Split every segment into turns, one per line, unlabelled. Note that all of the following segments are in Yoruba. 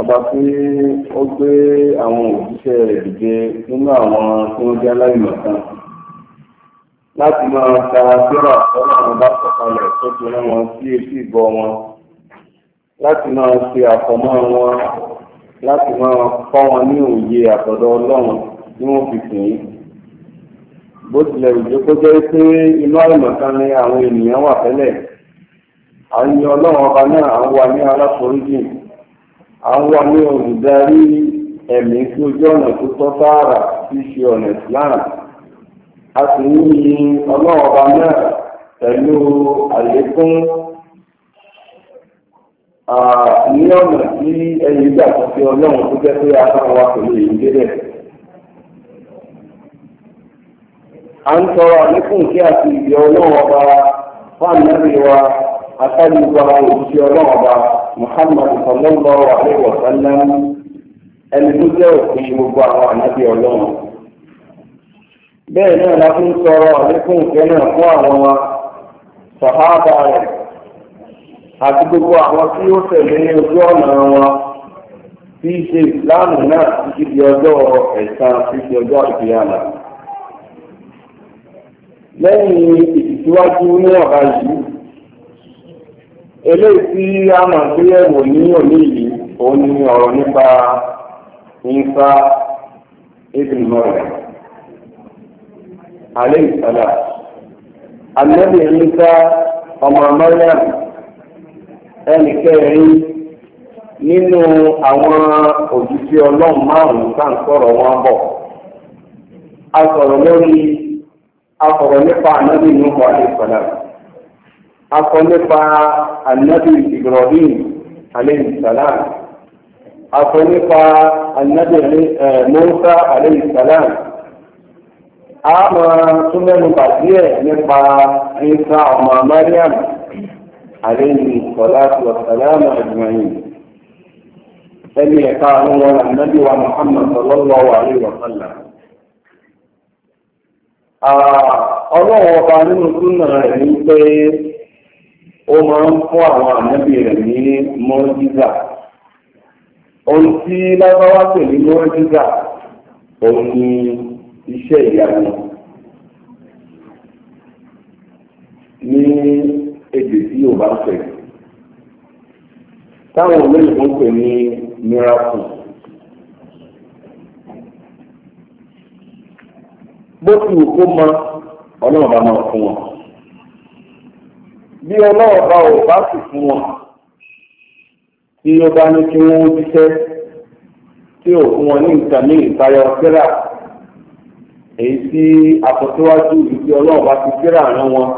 ọba tí ó gbé àwọn òṣìṣẹ́ rẹ̀ dìde nínú àwọn tí wọ́n jẹ́ aláìmọ̀kan láti máa ta síra sọ́nà àwọn bá sọ̀kalẹ̀ tó ti rán wọn sí etí ìbọ wọn láti máa ṣe àfọ̀mọ́ wọn láti máa kọ́ wọn ní òye àtọ̀dọ̀ ọlọ́run tí wọ́n fi sìn yín bó tilẹ̀ òjò kó jẹ́ pé inú àìmọ̀kan ni àwọn ènìyàn wà tẹ́lẹ̀ àyìn ọlọ́run ọba náà à ń wà ní aláforíjì à wà ní olùdarí ẹ̀mí sí ojú ọ̀nà tó tọ́ tí í ṣe a sì ń yin ọba náà pẹ̀lú àlékún ní ọ̀nà tí ẹni gbà tó fi ọlọ́run tó jẹ́ pé a máa wà pẹ̀lú èyí débẹ̀. a ń sọ àlékún kí ọba náà rí atari gbara òṣìṣẹ Ọlọ́run ọba muhammad sallallahu alaihi wa sallam ẹni tó jẹ òfin gbogbo àwọn ànábì Ọlọ́run bẹ́ẹ̀ náà la fi ń sọ̀rọ̀ àlékún ìfẹ́ náà fún àwọn sàhábà rẹ̀ àti gbogbo àwọn tí ó tẹ̀lé ní ojú ọ̀nà wọn tí í ṣe ìsìláàmù náà títí di ọjọ́ ẹ̀san títí ọjọ́ ìfìyàmà. lẹ́yìn ìtìsíwájú ní ọ̀rá yìí eléyìí tí a máa gbé ẹ̀wò ní òní yìí òun ni ọ̀rọ̀ nípa Ìsá ibn Maryam alayhi salam Ànábì Ìsá ọmọ Maryam ẹnì kẹrin nínú àwọn Ọlọ́run márùn-ún wọn bọ̀ a sọ̀rọ̀ lórí a akọ nípa anabi ibrahim aleyhi salam akọ nípa anabi eh, musa aleyhi salam a máa tún mẹ́nu bàtíẹ̀ nípa isa ọmọ mariam aleyhi salatu wa salam ajma'in ẹni ẹ̀ka àwọn wọn anabi wa muhammad sallallahu alayhi wa sallam ah, ọlọ́wọ́ ọba nínú súnà rẹ̀ ní pé ó máa ń fún àwọn ànábì rẹ̀ ní mọ́jíza ohun tí lábáwá pè ní mọ́jíza òun ni iṣẹ́ ìyanu ní èdè tí yóò bá fẹ́ táwọn olóyìnbó pè ní miracle. bó ti wù kó mọ ọlọ́run bá máa fún wọn. bí ọlọ́ọ̀bá ò bá sì fún wọn tí ó bá ní kí wọ́n jíṣẹ́ tí ò fún wọn ní nǹkan ní ìtayọ síra èyí tí àkọsíwájú ìdí ọlọ́ọ̀bá ti síra rán wọn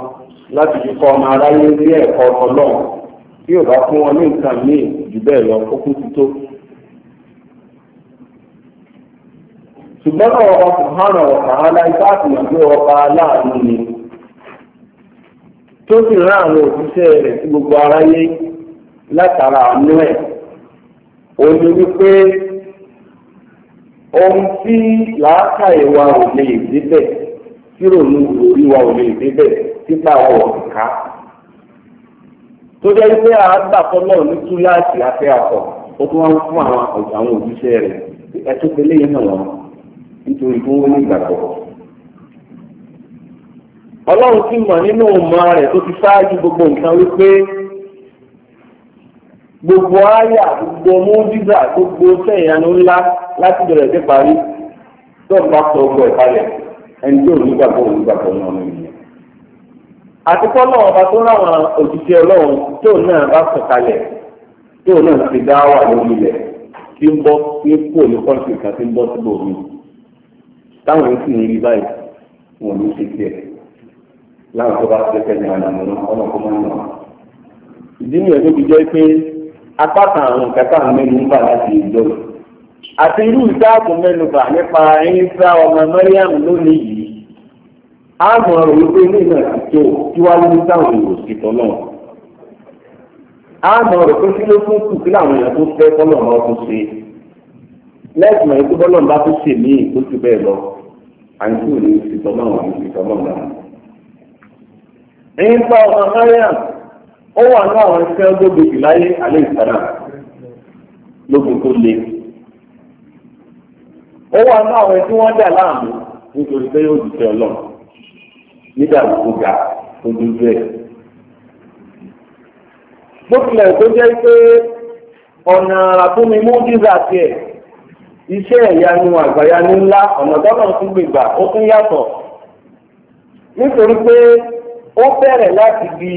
láti fi kọ́ ọmọ aráyé ní ẹ̀kọ́ ọlọ́run tí ò bá fún wọn ní nǹkan ní jù bẹ́ẹ̀ lọ ó kú ti tó. ṣùgbọ́n náà ọkọ̀ hàn ọ̀kà aláìsáàtì nàgbé ọba aláàánú ni tó sì rán àwọn òṣìṣẹ́ rẹ̀ sí gbogbo aráyé látara àánú ẹ̀ òun wípé ohun tí làákà ìwà ò lè débẹ̀ tí rònú ìwà ò lè débẹ̀ títà ọ̀wọ̀ ká tó jẹ́ wípé ní túláàsì afẹ́ ó tún wá fún àwọn òṣìṣẹ́ rẹ̀ náà nítorí ọlọ́run ti mọ̀ nínú ọmọ rẹ̀ tó ti ṣáájú gbogbo nǹkan wípé gbogbo àyà gbogbo mọ́jísà gbogbo sẹ́yìnánú ńlá láti bẹ̀rẹ̀ sí parí tóun bá sọ ọgbọ ìpalẹ̀ ẹni tí òun gbàgbọ́ òun gbàgbọ́ náà ní ìyẹn. àti kọ́nà ọba tó ráwọn òṣìṣẹ́ ọlọ́run tóun náà bá sọ̀kalẹ̀ tóun náà ti dá wà lórí ilẹ̀ tí ń bọ́ ní kúrò ní kọ́ńtì kan tí ń bọ́ síbò mi táwọn ń sì ń rí báyìí wọn ní ṣe tiẹ̀ láwọn tó bá ti fẹ́ ní ọ̀nà mọ̀nà ọ̀nà kó máa ń nà. ìdí nìyẹn tó fi jẹ́ pé apá kan àwọn kẹta mẹ́nu ń bà láti ìjọ àti irú ìdáàbò mẹ́nu bà nípa ẹyin sá ọmọ mẹ́ríàmù lónìí yìí á mọ̀ ọ̀rọ̀ wípé ilé náà ti tó kí wá lórí táwọn èrò sí tọ́lọ̀ á mọ̀ ọ̀rọ̀ pé kí ló tún kù kí làwọn èèyàn tó fẹ́ tọ́lọ̀ náà tún ṣe lẹ́sìn mọ̀ bọ́lọ̀ ẹ̀yìn bá ọmọ mariam ó wà ní àwọn ẹgbẹ́ gbogbo ìláyé alẹ́ ìsára lógun tó le ó wà ní àwọn tí wọ́n dà láàmú nítorí pé yóò dùtẹ̀ ọlọ́run nígbà tó ga tó dúdú ẹ̀. bókìlẹ̀ tó jẹ́ pé ọ̀nà àrà tó mi mú dídà tiẹ̀ iṣẹ́ ìyanu àgbàyanu ńlá ọ̀nà tọ́lọ̀ tún gbègbà ó tún yàtọ̀ nítorí pé ó bẹ̀rẹ̀ láti bí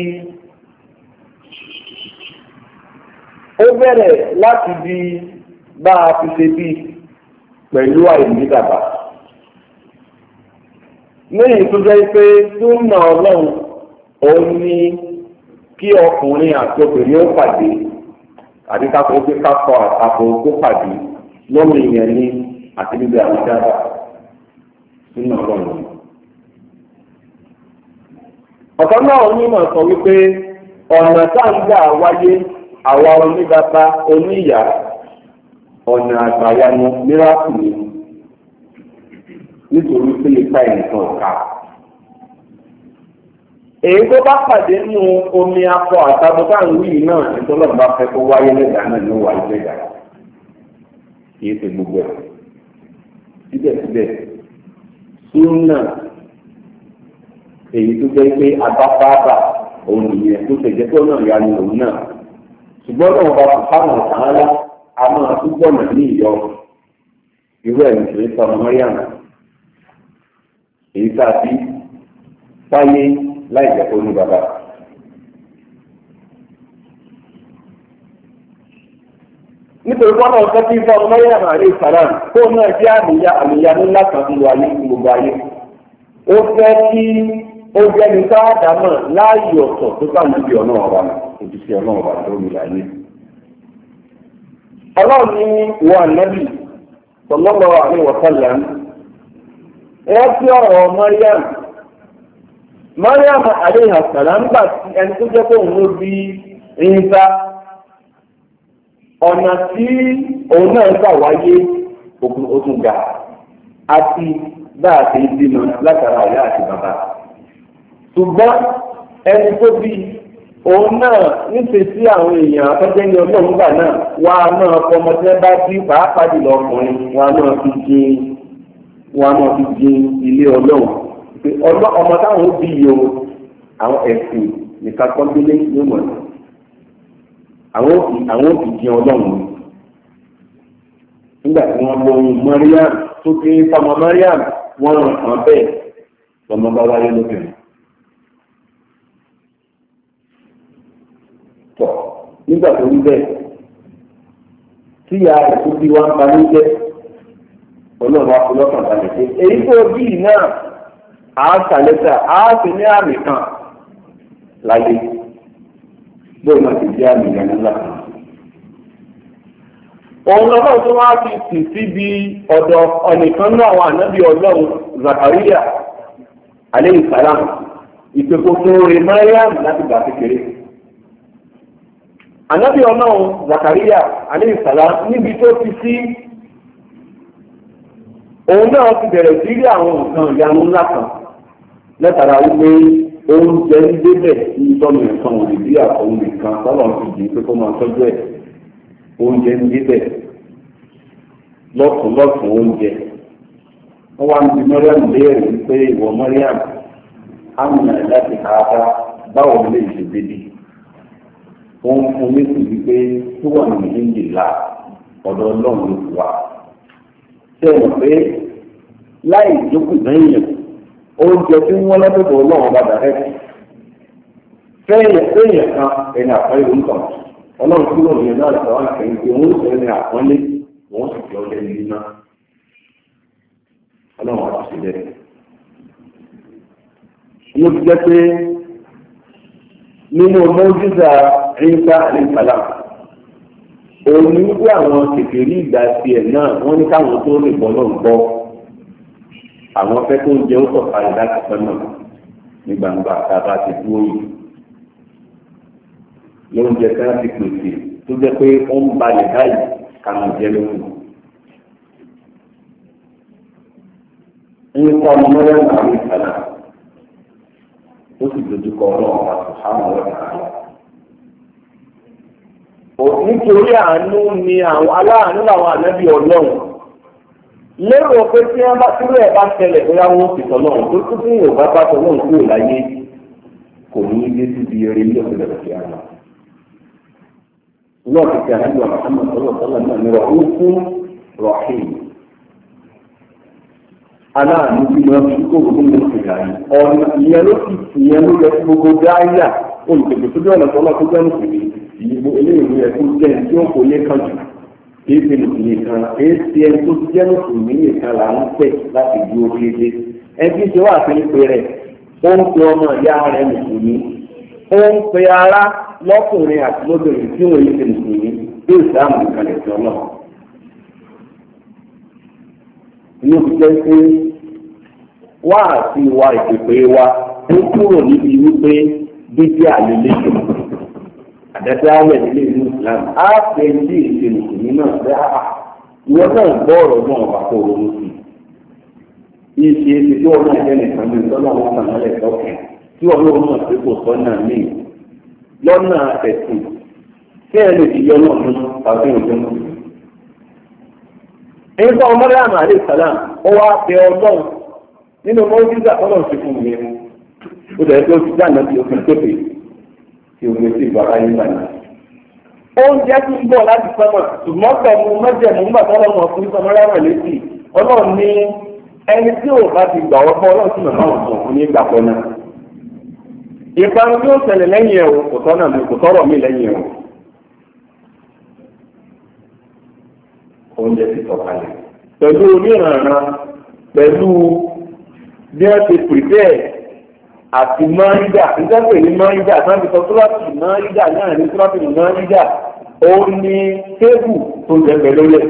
ó bẹ̀rẹ̀ láti bí bá a fi ṣe bí pẹ̀lú àìní lẹ́yìn tó jẹ́ ni kí ọkùnrin àti obìnrin ó pàdé àti kakọ pé kakọ àtakọ kó pàdé lọ́mọ ìyẹn ní àti bíbẹ̀ àwùjọ àbá ọlọ́run. ọ̀kan náà onímọ̀ sọ wípé ọ̀nà táǹgà wáyé àwa oníbàbá oníyà ọ̀nà àgbàyanu ni nítorí pé ipa ẹ̀ǹkan ká. èyí tó bá pàdé nínú omi akọ àtàbọ̀ naa yìí náà bá fẹ́ kó wáyé lẹ́dà náà èyí tó jẹ́ pé abáfáàbà òun nìyẹn tó tẹ̀jẹ́ tó náà yanu òun náà ṣùgbọ́n náà bá kò fáwọn sàárà a máa tún gbọ̀nà ní ìyọ irú ẹ̀ nìṣẹ́ sọmọ mọ́ríà èyí tá a fi sáyé láì jẹ́ kó ní bàbá. nítorí wọn náà sọ fún ìfọwọ́ mẹ́rin àwọn àrẹ ìsàlám tó náà jẹ́ àmìyá àmìyá ńlá kan fún wa ní gbogbo ayé. ó fẹ́ kí ó jẹ́ ní sáàdámọ̀ láàyè ọ̀tọ̀ tó bá níbi ọ̀nà ọ̀rọ̀ òjìṣẹ́ ọ̀nà ọ̀rọ̀ tó mi láyé. ọlọ́run ní wọn ànábì tọ́lọ́lọ́ àwọn ìwọ̀sánlá wọ́n ọ̀rọ̀ Mariam Mariam àdéhà sàlámbà ti ẹni tó jẹ́ pé òun ló bí ìyíta ọ̀nà tí òun náà gbà wáyé òkun ga àti bá a ti ń bímọ látara àti ṣùgbọ́n ẹni tó bí òun náà nífẹ̀ẹ́ sí àwọn èèyàn afẹ́jẹ́ ní ọlọ́run gbà náà wà á náà fọmọ tí wọ́n bá bí pàápàá jùlọ ọkùnrin wà á náà fi jin wà á náà fi jin ilé ọlọ́run pé ọmọ táwọn bí yìí o àwọn ẹ̀sìn nìkan kọ́ńdélé ló mọ̀ ní àwọn òbí àwọn òbí jin ọlọ́run nígbà tí wọ́n lóhun Mariam tó kéré fọmọ Mariam wọ́n ràn án bẹ́ẹ̀ lọ́mọ bá wáyé lóbìnrin. tọ̀ nígbà tó rí bẹ́ẹ̀ tí ya rẹ̀ tó bí wá ń parí jẹ́ ọlọ́run wa fún lọ́kàn balẹ̀ pé èyí tó bí náà á sàlẹ́sà á sì ní àmì kan láyé bóyá máa ti jẹ́ àmì ìyànjú ńlá kan. òun lọ́wọ́ tó wá ti sì síbi ọ̀dọ̀ ọ̀nìkan náà wà nábì ọlọ́run Zakariya aleyhi salam ìpèkókò rẹ̀ Mariam láti gbà kékeré. ànábì ọlọ́run Zakariya aleyhisala níbi tó fi sí òun náà ti bẹ̀rẹ̀ sí rí àwọn nǹkan ìyanu ńlá kan lẹ́tara wípé oúnjẹ ń débẹ̀ ní tọ́nu ẹ̀kan òdì bí àwọn nìkan tọ́lọ̀ ti dì í pé kó máa tọ́jú oúnjẹ ń débẹ̀ lọ́tún lọ́tún oúnjẹ wọ́n wá ń bi Mariam léèrè wípé ìwọ ó ń fún wípé tó wà ní méjìlá ọ̀dọ̀ ọlọ́run ló fi ṣé ẹ mọ̀ pé láì jókòó lẹ́yìn oúnjẹ tí wọ́n lọ́dọ̀dọ̀ ọlọ́run bá dà rẹ́ẹ̀kì fẹ́ẹ̀yẹ fẹ́ẹ̀yẹ kan ẹni ló ń ọlọ́run òun àpọ́nlé òun sì fi ọlọ́run àti ṣe jẹ́ pé nínú Ísá àlẹ́sàlám òun ní wípé àwọn kékeré ìgbà tiẹ̀ náà wọ́n ní káwọn tó lè bọ́ náà gbọ́ àwọn fẹ́ tó ń jẹ́ ó sọ̀kalẹ̀ láti pẹ́ náà ní gbangba ti dúró yìí lóúnjẹ tí wọ́n ti pèsè tó jẹ́ pé ó ń balẹ̀ báyìí káwọn jẹ́ lóhùn. ń ọmọ mọ́lẹ́rìn àwọn ìsàlà ó sì dojú kọ ọlọ́run àti nítorí àánú ni aláàánú làwọn ànábì ọlọ́run lérò pé tí wọ́n bá túrú ẹ̀ bá ṣẹlẹ̀ bóyá wọ́n ti sọ náà tó tún fún yorùbá bá sọ náà kúrò láyé kò ní í dé síbi eré ilé ọ̀sẹ̀ lọ́sẹ̀ àná. lọ́ọ̀ ti ṣe ànábì àmọ́ náà rọ̀hún fún rọ̀hìn. aláàánú bí wọ́n fi kó ní ọ̀nà ìyẹn ló ti ìyìnbó eléyìí ẹ̀kú jẹ́ tí wọ́n kò yẹ kan jù kí fi nìyí kan èsì ẹ̀ tó jẹ́ mùsùlùmí nìkan là ń pẹ̀ láti di orí ẹgbẹ́ ẹbí ṣe wà fi ń pe rẹ̀ ó ń pe ọmọ ìyá rẹ̀ mùsùlùmí ó ń pe ara lọ́kùnrin àti lóbìnrin tí wọ́n yí fi mùsùlùmí bí ìsáàmù ìkàlẹ̀ tí ọlọ́ inú fi jẹ́ pé wá àti ìwà ìpèpè wa ó kúrò níbi wípé bíbí àlelẹ́yìn àdájọ́ ayẹ̀ nílé ìlú Islam á pè sí ìṣe mùsùlùmí náà pé àà ah, ah, ìwọ náà gbọ́ ọ̀rọ̀ náà wà kó sí i ìṣe ti tí wọn náà jẹ́ nìkan ní ìtọ́nà wọn kàn án lẹ̀ tí wọn náà mọ̀ pé kò sọ́nà míì lọ́nà ẹ̀sìn kí ẹ lè fi yọ náà mú àbí òjò mú. èyí sọ àlè sàlám ó wá ọlọ́run nínú tí omi ti bọ̀ ayé bàná. oúnjẹ tún bọ̀ láti sọ́mọ̀ ṣùgbọ́n pẹ̀lú mẹ́jẹ̀mú nígbà tó lọ́mọ fún létí ọlọ́run ní ẹni tí ò bá ti gbà wọ́pọ̀ ọlọ́run sì mọ̀ náà sùn ní ìgbà pẹ́ àti mọ́rídà ìjọba èyí mọ́rídà tí wọ́n fi sọ túrọ́pì mọ́rídà náà ní túrọ́pì mọ́rídà ó ní tébù tó jẹ́ pẹ̀lú rẹ̀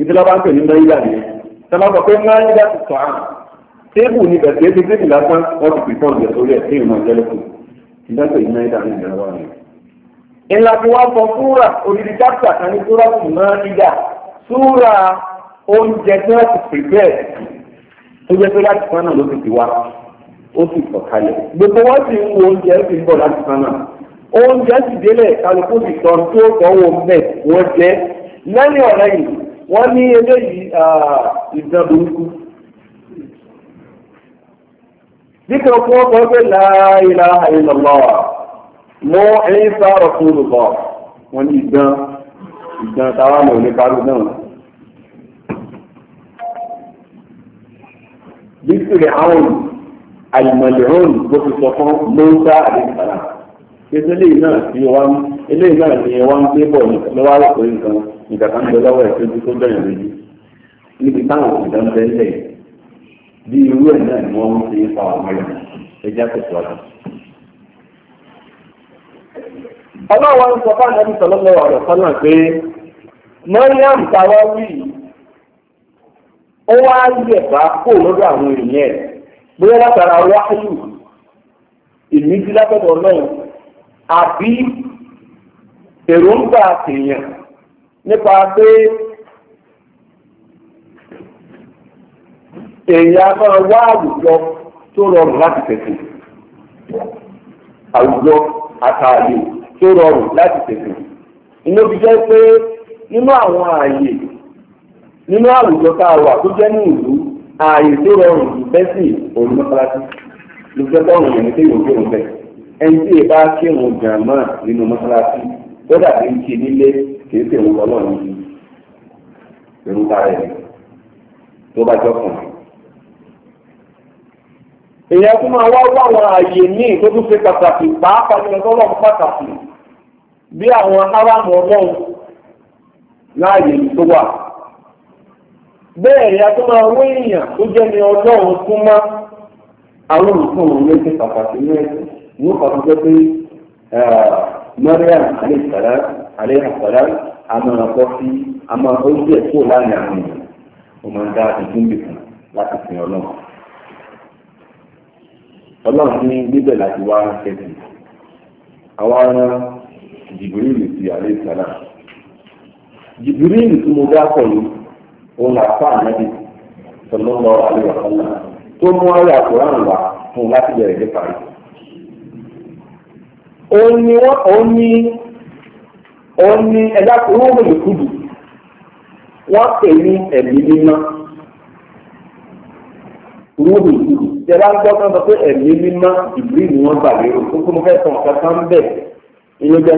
ìdílọ́ba ń pè ní mọ́rídà nìyẹn tọ́lá sọ pé mọ́rídà ti sọ àmì tébù ni bẹ̀rẹ̀ ti tébù lásán wọ́n ti pìtàn jẹ̀ sórí ẹ̀ sí ìmọ̀ ìjẹ́lẹ̀kùn ìjọba èyí mọ́rídà ní ìjọba rẹ̀. ìlà tí wọ́n sọ súrà odidi chapter kan ní túrọ́pì mọ́rídà súrà oúnjẹ tí wọ́n ti pè bẹ́ẹ̀ ó sì sọ̀kalẹ̀ gbogbo wọn sì ń wo oúnjẹ sì ń bọ̀ láti sánà oúnjẹ sì délẹ̀ kálukú sì tọ́ tó tọ́wọ́ mẹ́ wọ́n jẹ́ lẹ́yìn ọ̀rẹ́ yìí wọ́n ní eléyìí ìdán burúkú ذكر قوة لا إله إلا الله مو عيسى رسول الله wọ́n ní ìdán ìdán tàwa mọ̀ ní parí náà bísí rẹ̀ àwọn olùkọ́ àìmọ̀lẹ́hónì bó ti sọ fún mọ́ńsá àdéhùsálà eléyìí náà tí wá ń eléyìí náà ni wá ń gbé bọ̀ lọ́wọ́ àròkọ nǹkan nǹkan kan bẹ lọ́wọ́ ẹ̀ tó bẹ̀rẹ̀ lójú níbi táwọn ń bí irú ẹ̀ náà ni wọ́n ń fi fa ọmọ rẹ̀ ẹjẹ́ àtẹ̀síwájú. ọlọ́wọ́ ń sọ fún ọ̀rọ̀ kan náà pé bá kó àwọn èèyàn bóyá látara wáyù ìmísí látọ̀dọ̀ náà àbí èròǹgbà tèèyàn nípa pé èèyàn máa wá àwùjọ tó rọrùn láti tẹ̀sí àwùjọ àtàlè tó rọrùn láti tẹ̀sí inú bí jẹ́ pé nínú àwọn ààyè nínú àwùjọ tá a wà tó jẹ́ ní ìlú ààyè tó rọrùn ìfẹ́ sí òun mọ́sálásí lùfẹ́ tọ́rùn ìrìn tí yóò kírun bẹ́ẹ̀ ẹni tí ìbá kírun jàmáà nínú mọ́sálásí tó dàbí ń ṣe nílé kì í sì ń wọlọ́ níbi èrúta rẹ̀ tó bá jọ kàn. èèyàn tún máa wá wá àwọn ààyè míì tó tún ṣe pàtàkì pàápàá ní ọjọ́ ọlọ́run pàtàkì bí àwọn aráàmù ọlọ́run láàyè tó wà. bẹ́ẹ̀ ni a tó máa wé èèyàn tó jẹ́ ní ọlọ́run fún mọ́ àwọn olùkọ́ òun pàtàkì ní ẹ̀sìn ní tó pé Mariam a sí a máa ó kó láàrin àwọn èèyàn ó máa ń dá ìdúnbì láti ọlọ́run ọlọ́run ní níbẹ̀ láti wá àwa mo dá òun là fà nàbì sọlọ́lọ́ àlùyọ̀ sọ́nà tó mú ayé àkùrán wá fún láti bẹ̀rẹ̀ dé parí. òun ni wọ́n òun ni ni ẹ̀dá kúrò pè ní ẹ̀mí mímọ́ rúbì tí ẹ bá ń gbọ́ kán sọ pé ẹ̀mí mímọ́ ìbírí ni wọ́n gbà lérò fẹ́ sọ kan jẹ́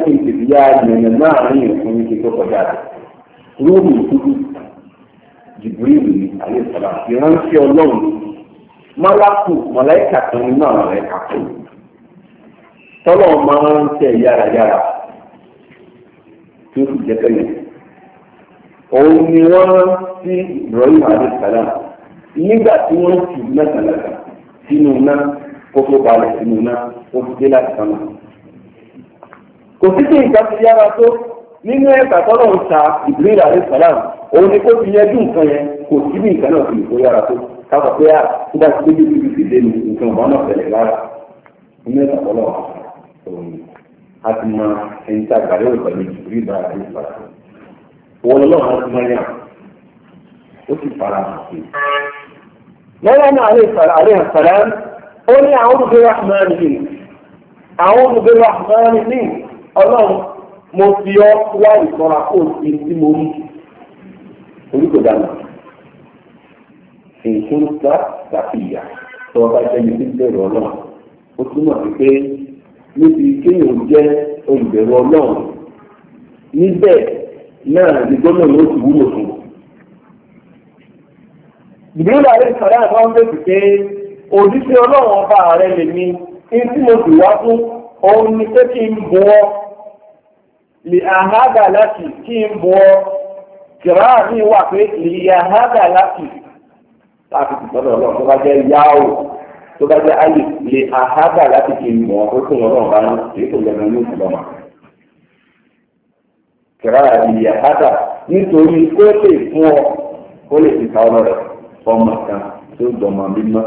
kí n tètè náà ní tó kọjá rẹ̀ jìbìrìlù ni àyè sábà ìránṣẹ́ ọlọ́run málákù mọ̀láìkà kan nínú àwọn ọ̀rẹ́ kàkó tọ́lọ̀ máa ń tẹ̀ yárayára tó sì jẹ́ pẹ́yẹ. òun ni wọ́n sí Ibrahim alayisalaam nígbà tí wọ́n sì mẹ́tàlẹ́ta sínú náà kó tó balẹ̀ sínú náà ó dé láti sánmà. kò sí sí ìgbà tó. nínú ẹ̀ka tọ́lọ̀ ń ta ìbílẹ̀ àti sàlám òun ni kó fi yẹn kò sí bí nǹkan náà fi ìkó tó káfọ̀ pé à nígbà tí péjú bíbí ti dé ní nǹkan ọ̀gbọ́n náà tẹ̀lé nínú ẹ̀ka tọ́lọ̀ a ti mọ ẹni tí a pẹ̀lú sàlám lọ́wọ́ ti mọ ó sì fara hàn sí. àlẹ́ sàlám ó ní àwọn olùgbé rahman ní àwọn olùgbé rahman ní ọlọ́run mo fi ọ́ wá ìtọ́ra kó o ti tí mo rí orí kò dáná èyí tó ń sá tàbí ìyá tó ọba jẹ́ni tí ń bẹ̀rù ọlọ́run ó túmọ̀ sí pé níbi kéèyàn jẹ́ olùbẹ̀rù ọlọ́run níbẹ̀ náà ni gómìnà ló ti wúlò fún un. ìdílé ààrẹ ìsọ̀rá àgbà ń bèèrè pé òjíṣẹ́ ọlọ́run ọba ààrẹ lèmi ní tí mo sì wá fún òun ni pé kí n bọ́ ọ lè àhágà láti kí n bọ́ kìrá mi wà pé lè àhágà láti láti tìtọ́lọ̀ lọ tó bá jẹ́ yáò tó bá jẹ́ ayé lè àhágà láti kí n bọ́ ó tún lọ́rọ̀ bá ń ṣe tó lẹ́nu ní ìfúnlọ́mà kìrá lè àhágà nítorí kó lè fún ọ kó lè fi ka ọlọ́rẹ̀ ọmọ kan tó dọ̀mọ̀ mímọ́.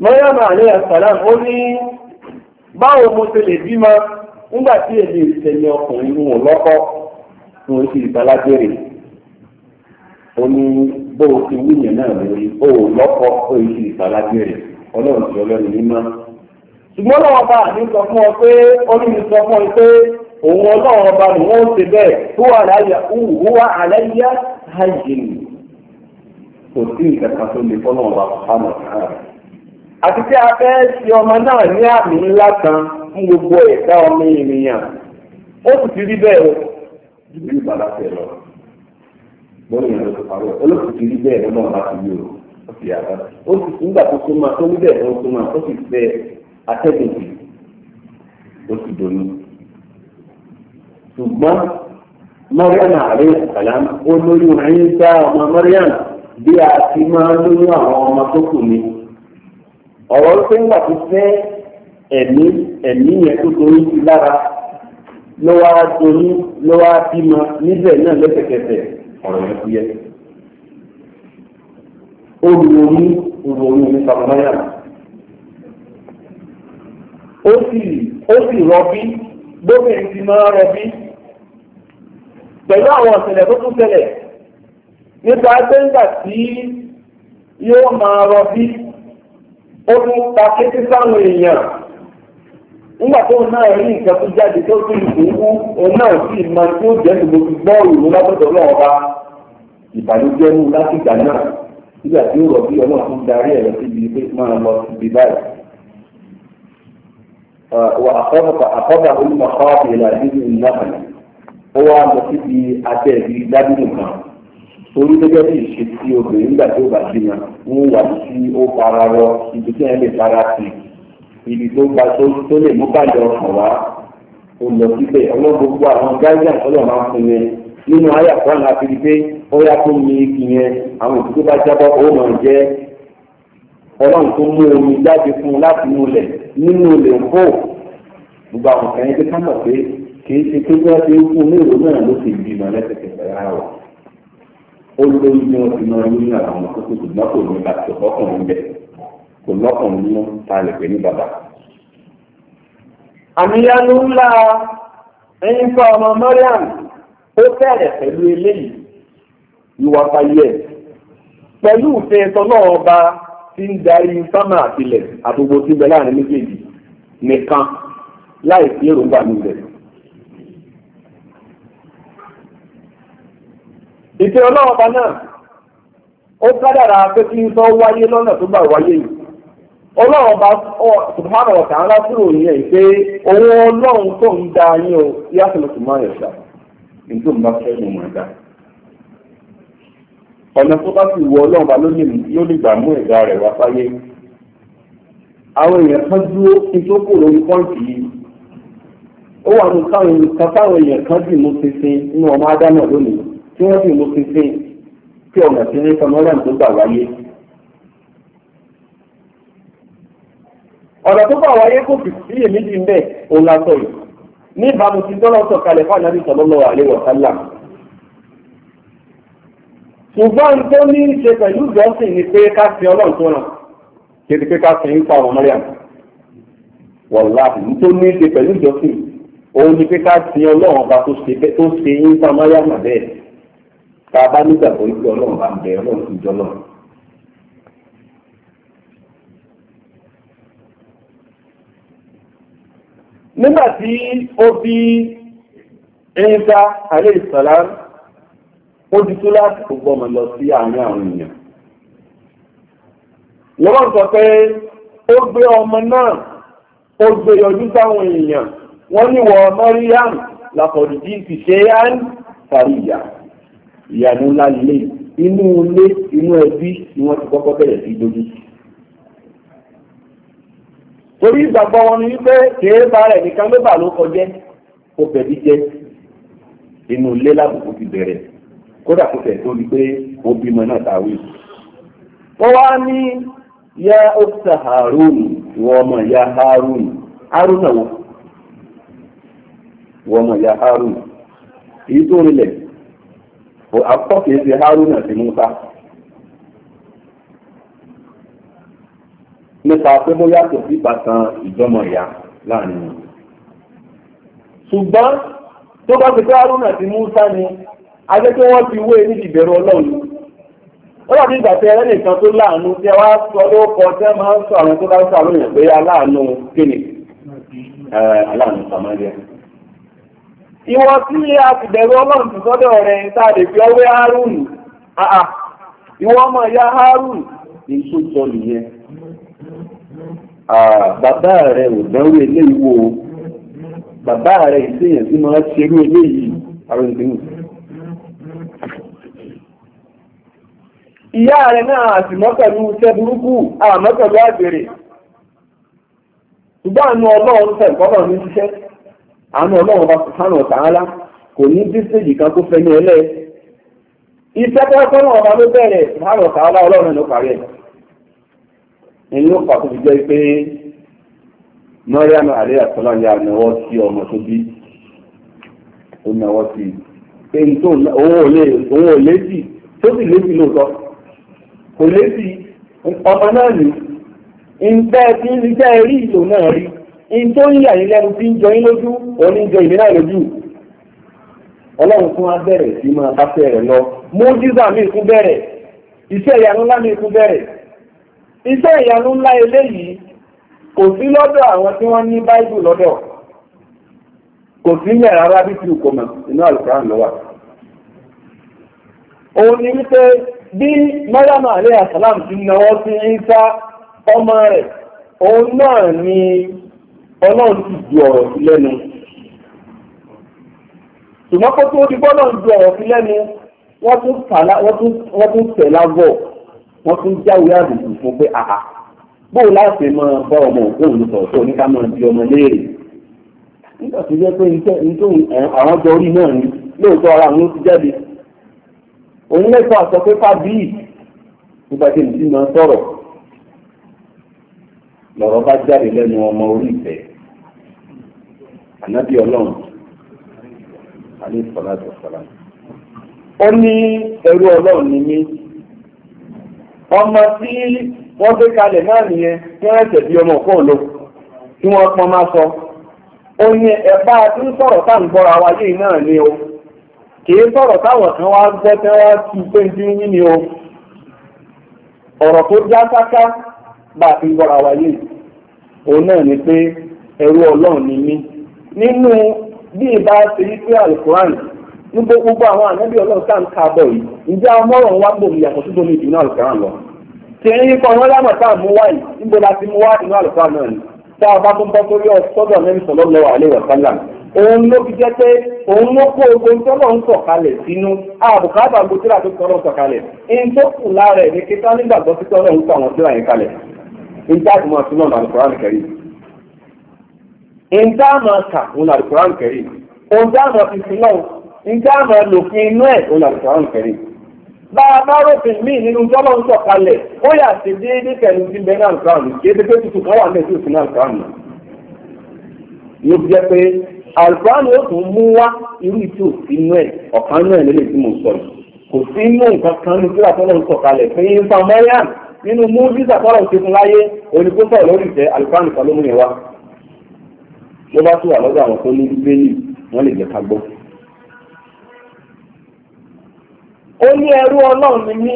mọ́yàmà àlẹ́ àṣàlám ó ní báwo mo ṣe lè bímọ nígbà tí èmi ìṣẹ̀lẹ̀ ọkùnrin mi ò lọ́kọ́ tí wọ́n ti ìbálágbére ó ní bó o ti wúyẹn náà lórí ó ò lọ́kọ́ ó ti ìbálágbére ọlọ́run ti ọlọ́run mímọ́. ṣùgbọ́n lọ́wọ́ bá àmì sọ fún ọ pé olùmí sọ fún ọ pé òun ọlọ́run ọba ni wọ́n ṣe bẹ́ẹ̀ tó wà láyà wù wá àlàyé àìjìnì kò sí ìkàkà tó lè fọ́nà ọba fáwọn ọ̀tá rẹ̀. àti tí a fẹ́ ṣe ọmọ náà ní àmì ńlá kan fún gbogbo ọmọ ènìyàn ó sì ti rí bẹ́ẹ̀ jùlọ ìbàdà tẹ̀ lọ lórí ìlú tó parọ́ olóòtú ti rí bẹ́ẹ̀ lọ́nà ọ̀la ti yóò ó sì yára ó sì nígbà tó tó máa tó tó tó máa ó sì fẹ́ atẹ́gùn sí ó sì ṣùgbọ́n Mariam ààrẹ ń Mariam bí a ti máa lóyún àwọn ọmọ tó ọ̀rọ̀ wípé ńgbà tó fẹ́ ẹ̀mí ẹ̀mí yẹn tó dorí sí lára ló wá dorí ló wá bímọ níbẹ̀ náà lẹ́sẹ̀kẹsẹ̀ ọ̀rọ̀ yẹn ti yẹ. ó lu orí lu orí omi sàmúnáyà ó sì ó sì rọbí gbóbìnrin ti máa rọbí pẹ̀lú àwọn ọ̀sẹ̀lẹ̀ tó tún ṣẹlẹ̀ nípa pé ńgbà tí yóò máa rọbí ó tún ta kété sáwọn èèyàn nígbà tó náà rí nǹkan tó jáde tó tún ìdòwú òun náà sì máa tó jẹ́ gbogbo ti gbọ́ òòrùn látọ̀dọ̀ náà ọba ìbànújẹ́ mú láti ìgbà náà nígbà tí ó rọ̀ bí ọlọ́run fún darí ẹ̀rọ síbi pé máa lọ síbi báyìí. wà àkọ́bà olùmọ̀kọ́ ìlànà ìlú ìlànà ó wá lọ síbi abẹ́ ìlú dábìlì kan torí gẹ́gẹ́ bí ìṣe tí obìnrin nígbà tí ó bá bí yan ń wà sí ó fara rọ ibi tí wọ́n lè fara sí ibi tó gba tó lè mú bàjẹ́ ọkàn wá ó lọ síbẹ̀ ọlọ́run gbogbo àwọn gáídàn tọ́lọ̀ máa ń fún yẹn nínú ayé àkọ́rọ́ náà fi rí pé ó yá tó mi igi yẹn àwọn òkú tó bá jábọ́ ó máa jẹ́ ọlọ́run tó mú omi jáde fún un láti inú ilẹ̀ nínú ilẹ̀ ń bò gbogbo àwọn kan yẹn tó ká mọ̀ pé kì í ṣe pé bí wọ́n ti ń fún un ní ìrònú náà ló ti bímọ lẹ́sẹ̀kẹsẹ̀ rárá o ó lóyún ní wọn ti mọ lóyún àwọn ọmọ tó kù lọ́kọ̀ ní bàbá tó lọ́kùnrin bẹ̀ kò lọ́kùnrin nínú ta lè pè ní bàbá. àmìyanu ńlá ẹyin fún ọmọ Mariam ó bẹ̀rẹ̀ pẹ̀lú eléyìí ìwà fàyẹ̀ pẹ̀lú ìfẹ́ sọ́nà ọba tí ń darí sámà àtìlẹ̀ àtògbò tí ń bẹ láàrin méjèèjì nìkan láì sí èròǹgbà nílẹ̀. ìfẹ́ ọlọ́ọ̀bá náà ó kádàrà pé kí n sọ wáyé lọ́nà tó gbà wáyé yìí pé owó ọlọ́run tó ń da yín o yàtọ̀ lọ́sùn máa yẹ̀ sá nítorí mo bá fẹ́ mo mọ̀ dá ọ̀nà tó bá sì wọ ló lè gbà mú ẹ̀dá rẹ̀ wá fáyé àwọn èèyàn kan dúró kí n tó kò lórí pọ́ǹtì yìí ó wà káwọn èèyàn kan dì mú ọmọ lónìí tí wọ́n sì lo fífín tí ọ̀nà tí ní sọmọ́lọ́n tó gbà wáyé. ọ̀nà tó gbà wáyé kò sì sí èméjì ń bẹ̀ òun la sọ yìí ní ìbámu ti dọ́lọ́ sọ kalẹ̀ fún ànábì sallallahu alaihi wasallam. ṣùgbọ́n tó ní í ṣe pẹ̀lú ìjọsìn ni pé ká sin ọlọ́run tó ràn kí ni pé ká sin ń pa ọmọ mọ́ríà wàláhì tó ní í ṣe pẹ̀lú ìjọsìn òun ni pé ká sin ọlọ́run ọba tó ṣe yín pa mọ́ríà tá a bá nígbàgbọ́ ìgbé ọlọ́run bá ń bẹ ọlọ́run tó jọ náà. nígbà tí ó bí ẹ̀yìnká alẹ́ ìsọ̀lá ó di tó láti gbogbo ọmọ lọ sí àárín àwọn èèyàn. lọ́wọ́n sọ pé ó gbé ọmọ náà ó gbé yọjú sáwọn èèyàn wọ́n ní wọ́n mọ́ríyàn làkọ̀dùdí ti ṣe é án fàríyà. ìyànú ńlá lè inú ilé inú ẹbí ni wọ́n ti kọ́kọ́ bẹ̀rẹ̀ sí dojú. torí ìgbàgbọ́ wọn ni wípé kèé rẹ̀ nìkan ló bà ló kọjẹ́ kó bẹ̀bí jẹ́ inú ilé lábùkù ti bẹ̀rẹ̀ kódà kó tẹ̀ tó ní pé ó bímọ náà wọ́n wá ní yá ọ́fíìsà bụ akụkọ ka esi haruna si musa nípa pé kò sí ìbátan ìjọmọ ìyá ṣùgbọ́n tó bá ti haruna musa ni ajẹ́ pé wọ́n ti wé ìbẹ̀rù ọlọ́run ó dàbí ìgbà tí tó láàánú tí ẹ wá sọ lóko tẹ́ sọ àwọn tó bá ń sọ àwọn èèyàn pé aláàánú ìwọ tí a ti bẹ̀rù ọlọ́run ti sọ́dọ̀ rẹ̀ ń fi ọwẹ́ harun àà ọmọ ìyá harun ní tó sọ nìyẹn bàbá rẹ̀ ò dánwò eléyìí wo bàbá rẹ̀ ìsèyàn tí máa ṣerú eléyìí àwọn ìyá rẹ̀ náà àti burúkú àmọ́kànlú àgbèrè ṣùgbọ́n àánú ọlọ́run tẹ̀ àánú ọlọ́run bá sùhánù ọ̀tàálá kò ní dísèjì kan tó fẹ́ ní ẹlẹ́ iṣẹ́ tó ẹ̀kọ́ ọba ló bẹ̀rẹ̀ sùhánù ọ̀tàálá ọlọ́run ló parí ẹ̀ ẹni pàtó fi ya náwó sí ọmọ tó bí ó sí pé òun ò ọmọ náà ní tí ń jẹ́ rí ìlò in tó ń yà yín lẹ́nu tí ń jọ yín lójú òun ní jọ ìmínà lójú ọlọ́run tún á bẹ̀rẹ̀ sí máa bá fẹ́ rẹ̀ lọ mójísà mi tún bẹ̀rẹ̀ iṣẹ́ ìyanu ńlá mi tún bẹ̀rẹ̀ iṣẹ́ ìyanu ńlá eléyìí kò sí lọ́dọ̀ àwọn tí wọ́n ní báíbù lọ́dọ̀ kò sí mẹ́rin ara bí ti kò mọ̀ inú àlùkùrán lọ́wọ́ òun ni wípé bí mọ́yàmà alẹ́ àsàlám ti náwó sí ń sá ọmọ rẹ̀ òun náà ni ọlọ́run ti ju ọ̀rọ̀ lẹ́nu ṣùgbọ́n kó tó di bọ́lọ̀ ju ọ̀rọ̀ lẹ́nu wọ́n tún tẹ̀ lábọ̀ wọ́n tún jáwé àbùkù fún pé àhà bóun láti máa bá ọmọ ọmọ léèrè ànábì ọlọ́run alẹ́ ìfọ̀lájọ fọlá. ó ní ẹrú ọlọ́run ni mí ọmọ tí wọ́n gbé kalẹ̀ náà nìyẹn tí wọ́n tẹ̀lé ọmọ kan lọ tí wọ́n pọn máa sọ ó ní ẹ̀bá tí ń sọ̀rọ̀ tá à ń gbọ́ra wa yìí náà ni o kìí sọ̀rọ̀ táwọn kan wá gbọ́ tí wọ́n ti pé ń dín yín ni o ọ̀rọ̀ tó já sáká bá a ti gbọ́ra wa yìí òun náà ni pé ẹrú ọlọ́run ni mí. nínú bí ìbá ṣe yí pé alukuran níbo gbogbo àwọn ànábì ọlọ́run ń ka bọ̀ yìí ǹjẹ́ ọmọràn ń bò mí yàtọ̀ síbo mi ìdùnnú alukuran lọ. tí wọn tá à mú níbo la ti mú wá alukuran náà ni tá a bá tún bọ́ sórí ọ̀sọ́dọ̀ mẹ́rin sọ̀rọ̀ òun ló fi jẹ́ pé in máa kà ụlọ akwụkwọ nkiri a máa fi sílọ inú ẹ̀ ụlọ akwụkwọ nkiri a bá ròfin míì nínú tọ́lọ́ ń sọ̀kalẹ̀ ó yà sí déédéé pẹ̀lú ti bẹ́ẹ̀ náà àlùkùránì kí ebi tuntun kan wà òfin náà yóò pé tún mú wá irú ìtú ọ̀kan náà tí mo sọ yìí kò sí inú nǹkan kan ní fún yín tó bá tún wà lọ́dọ̀ àwọn tó ní bíbélì wọ́n lè jẹ́ ká gbọ́. ó ní ẹrú ọlọ́run ni mí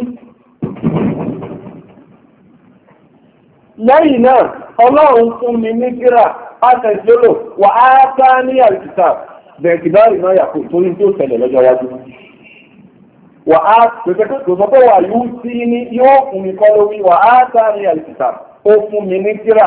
lẹ́yìn náà ọlọ́run fún mi ní kíra àtẹ̀jọ́lò wà á bá ní àìsíta bẹ̀rẹ̀kìdárì náà yàtọ̀ torí tó ṣẹlẹ̀ lọ́jọ́ iwájú wà á kò pé wà yóò sí ní yóò fún mi kọ́ lórí wà á bá ní àìsíta ó fún mi ní kíra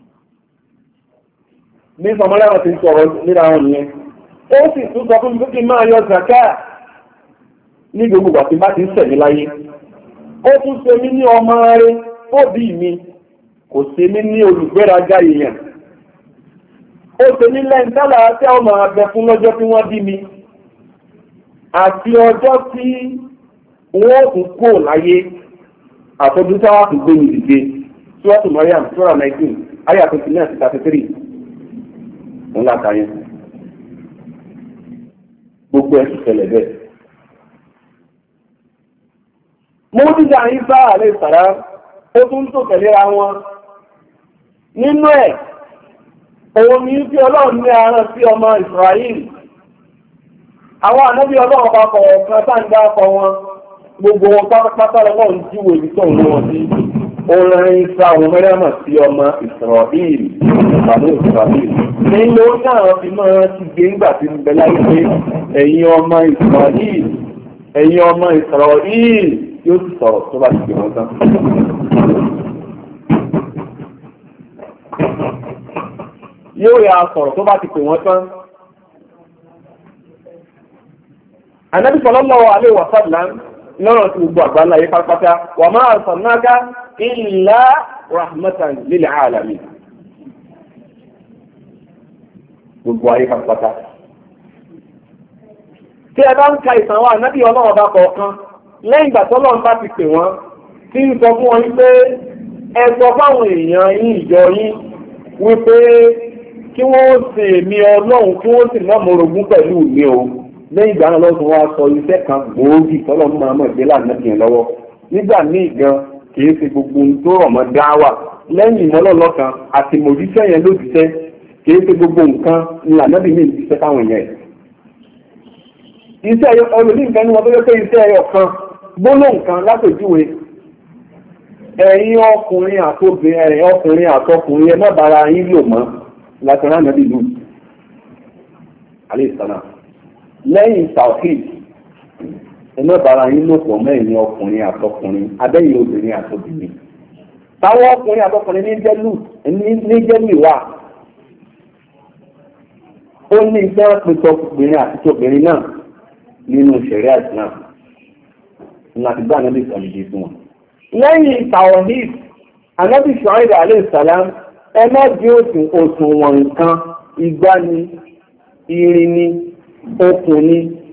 ní sọmọláwà ti sọ̀rọ̀ níra wọn nìyẹn ó sì tún sọ fún mi kí n máa yọ zaka ní gbogbo ìgbà tí bá ti ń sẹ̀mí láyé ní ọmọ rẹ mi kò ṣe mí ní olùgbéraga èèyàn ó ṣe mí tí a máa bẹ fún lọ́jọ́ tí wọ́n bí mi àti ọjọ́ tí wọ́n láyé àtọ́jú táwọn ńlá káyé gbogbo ẹ̀ ṣẹlẹ̀ Mo mọ́tíjà ń sá àlẹ́ ìsàrá ó tún tó tẹ̀léra wọn nínú ẹ̀ òun ni bí ọlọ́run ní ara sí ọmọ Israel àwọn ànábí ọlọ́run papọ̀ ọ̀kan sáà ń dá ó rán ifá ọmọdéwàmà sí ọmọ ìsọ̀rọ̀ìlì ìpàdé ìsọ̀rọ̀ìlì nínú ó fi máa ti gbé ńgbà tí ń bẹ láyé pé ẹ̀yin ọmọ ìsọ̀rọ̀ìlì ẹ̀yin ọmọ ìsọ̀rọ̀ìlì yóò sì sọ̀rọ̀ tó bá ti gbé wọn tán. yóò yà sọ̀rọ̀ tó bá ti pè wọ́n tán. lọ́rọ̀ tí gbogbo pátápátá wà máa إلا رحمة للعالمين. alamin gbogbo ayé kan pátá tí ẹ bá ń ka ìtàn wa ànábì ọlọ́run bá kọ̀ọ̀kan lẹ́yìn ìgbà tó lọ́run bá ti pè wọ́n tí ń sọ fún wọn pé ẹ sọ fáwọn èèyàn yín ìjọ yín wípé kí wọ́n sì mi ọlọ́run kí wọ́n sì má morogún pẹ̀lú mi o lẹ́yìn ìgbà náà lọ́sùn wa sọ iṣẹ́ kan gbòógì tọ́lọ́run máa ìgbélà náà yẹn lọ́wọ́ nígbà míì gan kìí ṣe gbogbo ohun tó rọ̀ mọ́ dáwà lẹ́yìn ìmọ́lọ́lọ́kan àti mòjíṣẹ́ yẹn lòjíṣẹ́ kìí ṣe gbogbo nǹkan ni ànábì mi jíṣẹ́ fáwọn yẹn. iṣẹ́ ọlọ́dún nǹkan ni wọ́n tó yẹ pé iṣẹ́ ẹyọ kan gbóló nǹkan látòjúwe ẹ̀yin ọkùnrin àtobìnrin ẹ̀yin ọkùnrin àtọkùnrin ẹ má bára yín lò mọ́ látara ànábì lù. alẹ́ ìsàlá lẹ́yìn tàwíìsì ẹ má bára yín lò pọ̀ mẹ́rin ọkùnrin àtọkùnrin abẹ́yìn obìnrin àtobìnrin táwọn ọkùnrin àtọkùnrin ní jẹ́lù ní jẹ́lù ìwà ó ní iṣẹ́ pẹ̀tọ́ obìnrin àti obìnrin náà nínú ṣẹ̀ríà Islam láti gbá ànábì sọ̀rọ̀ fún wọn. lẹ́yìn tawhid ànábì Ṣuaibu alayhi salam ẹ má di òsùn òsùn wọn nǹkan igbá ni irin ni okùn ni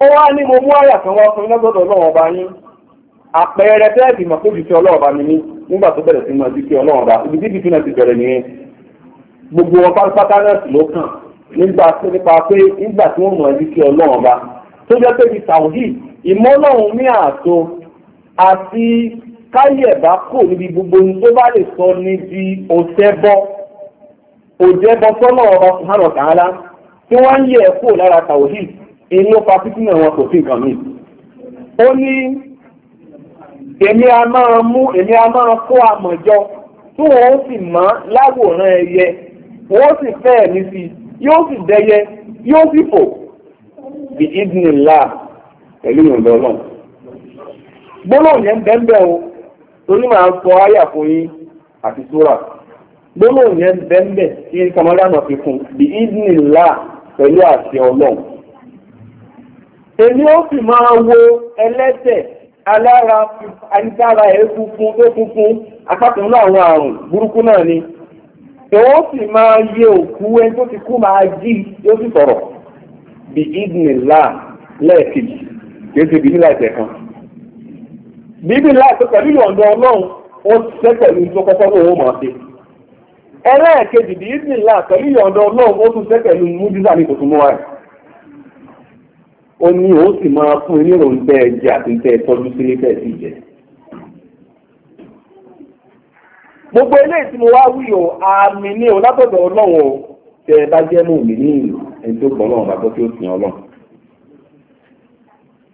ó wá ní mo mú àyà kan wá fún lọ́gọ́dọ̀ ọlọ́run ọba yín àpẹẹrẹ tẹ́ẹ̀bì mọ̀ pé bìtì ọlọ́run ọba mi ní nígbà tó bẹ̀rẹ̀ sí mọ bìtì ọlọ́run ọba ibi tí bìtì náà ti bẹ̀rẹ̀ nìyẹn gbogbo wọn pátápátá náà sì ló kàn nígbà tó nípa pé nígbà tí wọ́n mọ̀ bìtì ọlọ́run ọba tó jẹ́ pé bí tàwùhì ìmọ́lọ́run ní ààtò àti káyẹ̀bá kò níbi gbogbo ohun tó bá lè sọ níbi òṣẹ́bọ tí wọ́n ń yẹ̀ kó lára tàwùhì inú pàtíkìnà wọn kò sí nǹkan míì ó ní èmi a máa mú èmi a máa kó àmọ̀jọ tí wọ́n sì mọ́ láwòrán ẹyẹ wọ́n sì fẹ́ ẹ̀mí sí yóò sì dẹyẹ yóò sì fò bí ìdínlá pẹ̀lú ìrìnlẹ̀ ọlọ́run gbólóhùn yẹn bẹ́ẹ̀ o torí màá sọ áyà fún yín àti súrà gbólóhùn yẹn bẹ́ẹ̀ kí kọmọdé àmọ̀ fi fún bí ìdínlá pẹ̀lú àṣẹ ọlọ́run èmi ó sì máa wo ẹlẹ́sẹ̀ alára agbára egungun egungun apákan àwọn àrùn burúkú náà ni èwo sì máa yẹ òkú ẹni tó ti kú máa jí yóò sì sọ̀rọ̀ bí ìdìnnìlá lẹ́ẹ̀kejì kì í ṣe bí nílá ìtẹ̀ kan bíbí láti pẹ̀lú ìyọ̀ǹda ọlọ́run ó ṣiṣẹ́ pẹ̀lú tó kọ́kọ́ tó wọ́n mọ̀ sí ẹlẹ́ẹ̀kejì bí ìdìnnìlá pẹ̀lú ìyọ̀ǹda ọlọ́run ó ṣiṣẹ́ pẹ̀lú mújísà ó ní ó sì máa fún oníròǹtẹ ẹ̀jẹ̀ àti tẹ ìtọ́jú sílé tẹ̀sí jẹ. gbogbo eléyìí tí mo wá wí o àmì ní o látọ̀dọ̀ ọlọ́run o tẹ ẹ bá jẹ́ mú mi ní ìlú ẹni tó gbọ́ ọlọ́run bá tí ó sìn ọlọ́run.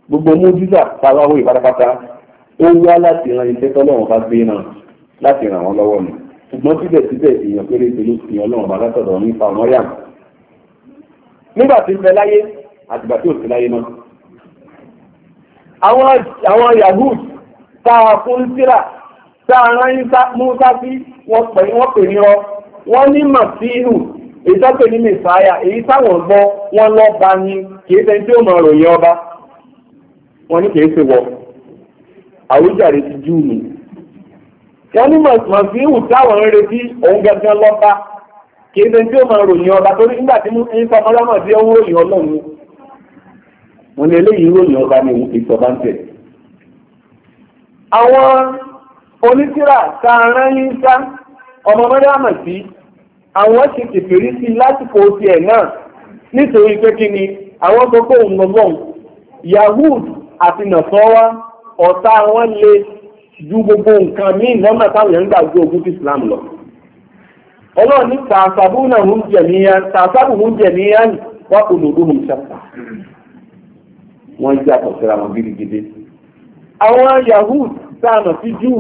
gbogbo mójúdà paráwó ìpátápátá ó wá láti ran iṣẹ́ tọ́lọ́run bá gbé náà láti ràn wọ́n lọ́wọ́ ni ṣùgbọ́n síbẹ̀síbẹ̀ èèyàn péréte ló sìn ọlọ́run bá látọ̀dọ̀ nípa ọmọ àtìgbà tí ò sí láyé náà. àwọn yahood tá a fún síra tá a rán wọ́n pè ní ọ wọ́n ní màsíhù èyí tó pè ní mẹsàáyà èyí táwọn gbọ́ wọ́n lọ bá ní kì í tí ó ròyìn ọba wọ́n ní kì í ṣe wọ ti wọ́n ní táwọn ń retí òun gangan lọ́ba kìí tí ó ọba torí nígbà tí wọn ni eléyìí ròyìn ọba ní ìsọba ń tẹ̀. àwọn onítìrà tá a yín sá ọmọ mọ́dàmà sí àwọn ti kìfèrí sí lásìkò tiẹ̀ náà nítorí pé kí ni àwọn sọ pé yahood àti nàṣọ́wá ọ̀tá wọn lè ju gbogbo nǹkan míì táwọn islam lọ. ọlọ́run ní tàṣàbù wà wọ́n yàtọ̀ síra wọn gidigidi. àwọn yahoo sáànà sí júù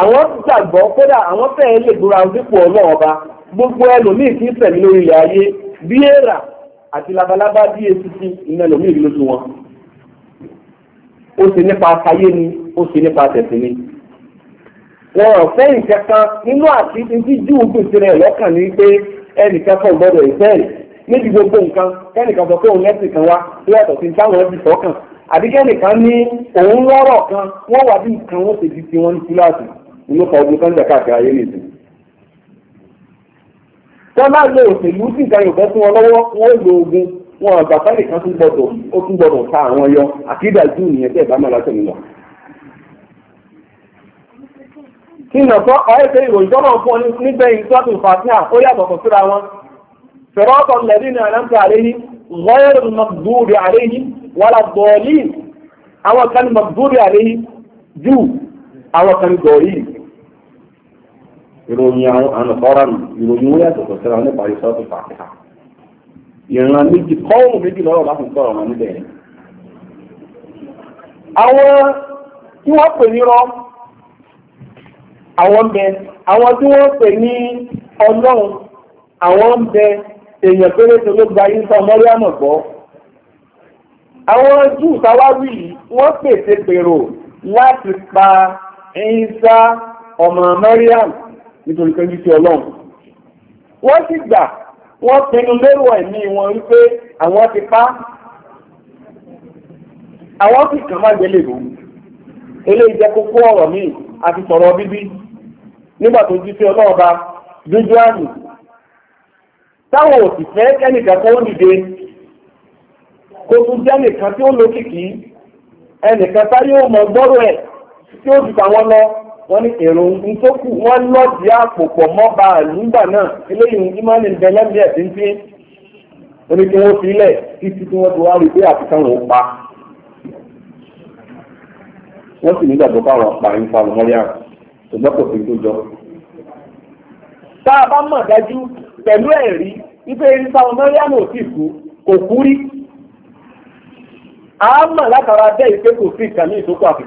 àwọn gbàgbọ́ kódà àwọn fẹ́ẹ́ lè gbóra dípò ọlọ́ọ̀ba gbogbo ẹlòmíì tí ń sẹ̀mí lórí ilẹ̀ ayé bí èèrà àti labalábá bí esisi iná ẹlòmíì lójú wọn. ó sì nípa ayé ni ó sì nípa tẹ̀sí ni wọn ò fẹ́ ìkẹta nínú àti ti júù gbèsè rẹ̀ lọ́kàn ní pé ẹnìkan kò gbọ́dọ̀ ìfẹ́ rẹ̀ níbi gbogbo nǹkan kẹ́nìkan sọ pé òun lẹ́sìn kan wá lọ́tọ̀ sí táwọn ẹbí sọ́kàn àbí kẹ́nìkan ní òun lọ́rọ̀ kan wọ́n wà bí nǹkan ti wọn ní inú kan ogun kan jàkà ayé nìyí. wọ́n máa lo fún wọn lọ́wọ́ wọ́n lo àgbà tún ó tún gbọdọ̀ ta àwọn yọ àkídà jù nìyẹn صراط الذين أنعمت عليهم غير المغضوب عليهم ولا الضالين أو كان مغضوب عليهم جو أو كان ضالين ìròyìn àwọn ànàkọ́ràn ìròyìn wọ́n a na nípa ìsọ́tò fàtíhà ìran méjì kọ́ọ̀rùn méjì lọ́rọ̀ láti sọ̀rọ̀ wọn níbẹ̀ àwọn tí wọ́n pè ní rọ́ àwọn bẹ àwọn tí wọ́n pè ní ọlọ́run àwọn èèyàn péréte ló gba yíṣà mọ́ríàmù gbọ́ àwọn jù sáwáwì wọ́n pèsè pèrò láti pa ẹ̀yìnṣá ọmọ mọ́ríàmù nítorí pé ní ti ọlọ́run wọ́n sì gbà wọ́n pinnu lérò ẹ̀mí wọn wípé àwọn ti pa àwọn sì kàn má gbélé lòun eléyìí jẹ́ kókó ọ̀rọ̀ míì àti sọ̀rọ̀ bíbí nígbà tó jí sí ọlọ́ọ̀ba dúdú àmì táwọn òsì fẹ́ ẹnìkan kan ó dìde kó tún jẹ́ nìkan tí ó lókìkí ẹnìkan tá yóò mọ gbọ́rọ̀ ẹ̀ tí ó dùkọ̀ àwọn lọ wọ́n ní èròǹkún tó kù wọ́n lọ́ọ̀dì àpò pọ̀ mọ́ bá àlùgbà náà eléyìí ìmọ̀lẹ̀ ìbẹ̀lẹ́mì ẹ̀ tí ń oní tí wọ́n fi lẹ̀ títí tí wọ́n ti wá rí pé àfikún wọn pa wọ́n sì nígbàgbọ́ fáwọn àpàrin fáwọn mọ́ríà ṣùgbọ́n kò sí tó jọ. tá a bá mọ̀ dájú pẹ̀lú ẹ̀rí ife ìsáwọn mẹ́ríàmù ò sì kú kò kú rí a mọ̀ látara bẹ́ẹ̀ ìpé kò sí ìkànnì ìtókò àti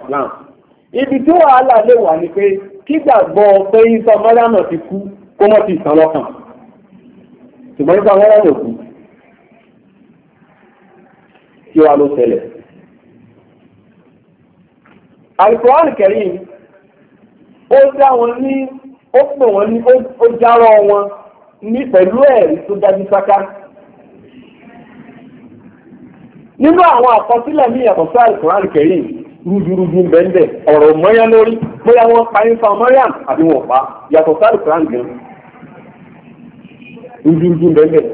ibi tí wàhálà lè wà ni pé kígbàgbọ́ pé ìsọ mẹ́ríàmù ti kú kó mọ́ ti ìsàn lọ́kàn ṣùgbọ́n ìsọ mẹ́ríàmù ò kú kí wàá ló ṣẹlẹ̀ Al-Qur'an Karim ó dá wọn ní ó pè wọn ní ó járọ wọn ní pẹ̀lú ẹ̀rí tó dájú sáká. Nínú àwọn àkọsílẹ̀ ní ẹ̀kọ́ sí àìkùnrán kẹ̀rí rúdurùdu bẹ́ńdẹ̀ ọ̀rọ̀ mọ́yá lórí bóyá wọ́n pa ń fa Mariam àbí wọ́n pa yàtọ̀ sí àìkùnrán gan. Rúdurùdu bẹ́ńdẹ̀.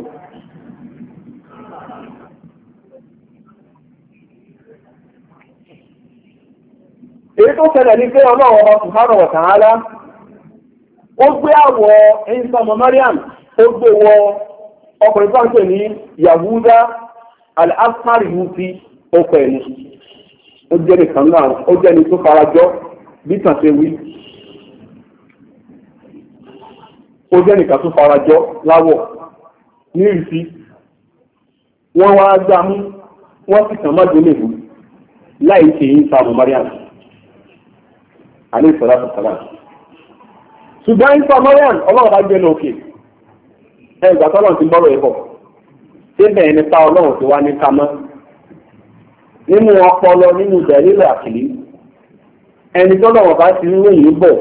Èyí tó ṣẹlẹ̀ ní pé ọlọ́run ọba Subhanahu wa ta'ala ó gbé àwọ̀ ẹ̀yìnsá ọmọ mariam ó gbé wọ ọkùnrin tó ń pè ní yahuda al-asmari yuti ó pẹ̀ ní ó jẹ́ nìkan náà ó jẹ́ ní tó farajọ́ bí tàn ṣe wí ó jẹ́ nìkan tó farajọ́ láwọ̀ ní ìrísí wọ́n wá gbá mú wọ́n sì tàn mọ́jú lèbu láì ṣe yìí sáàmù alẹ́ ìsọ̀rọ̀ àtàkàlà ṣùgbọ́n ìfọ̀ mọ́rán ọlọ́run bá gbẹ́nu òkè ẹgbà tọ́lọ̀ ti bọ́rọ̀ ẹ̀kọ́ síbẹ̀ ẹni ta ọlọ́run ti wá ní kamọ́ nínú ọpọlọ nínú ìdẹ̀lélẹ̀ àkìlí ẹni tọ́lọ̀wọ̀n bá ti ń ròyìn bọ̀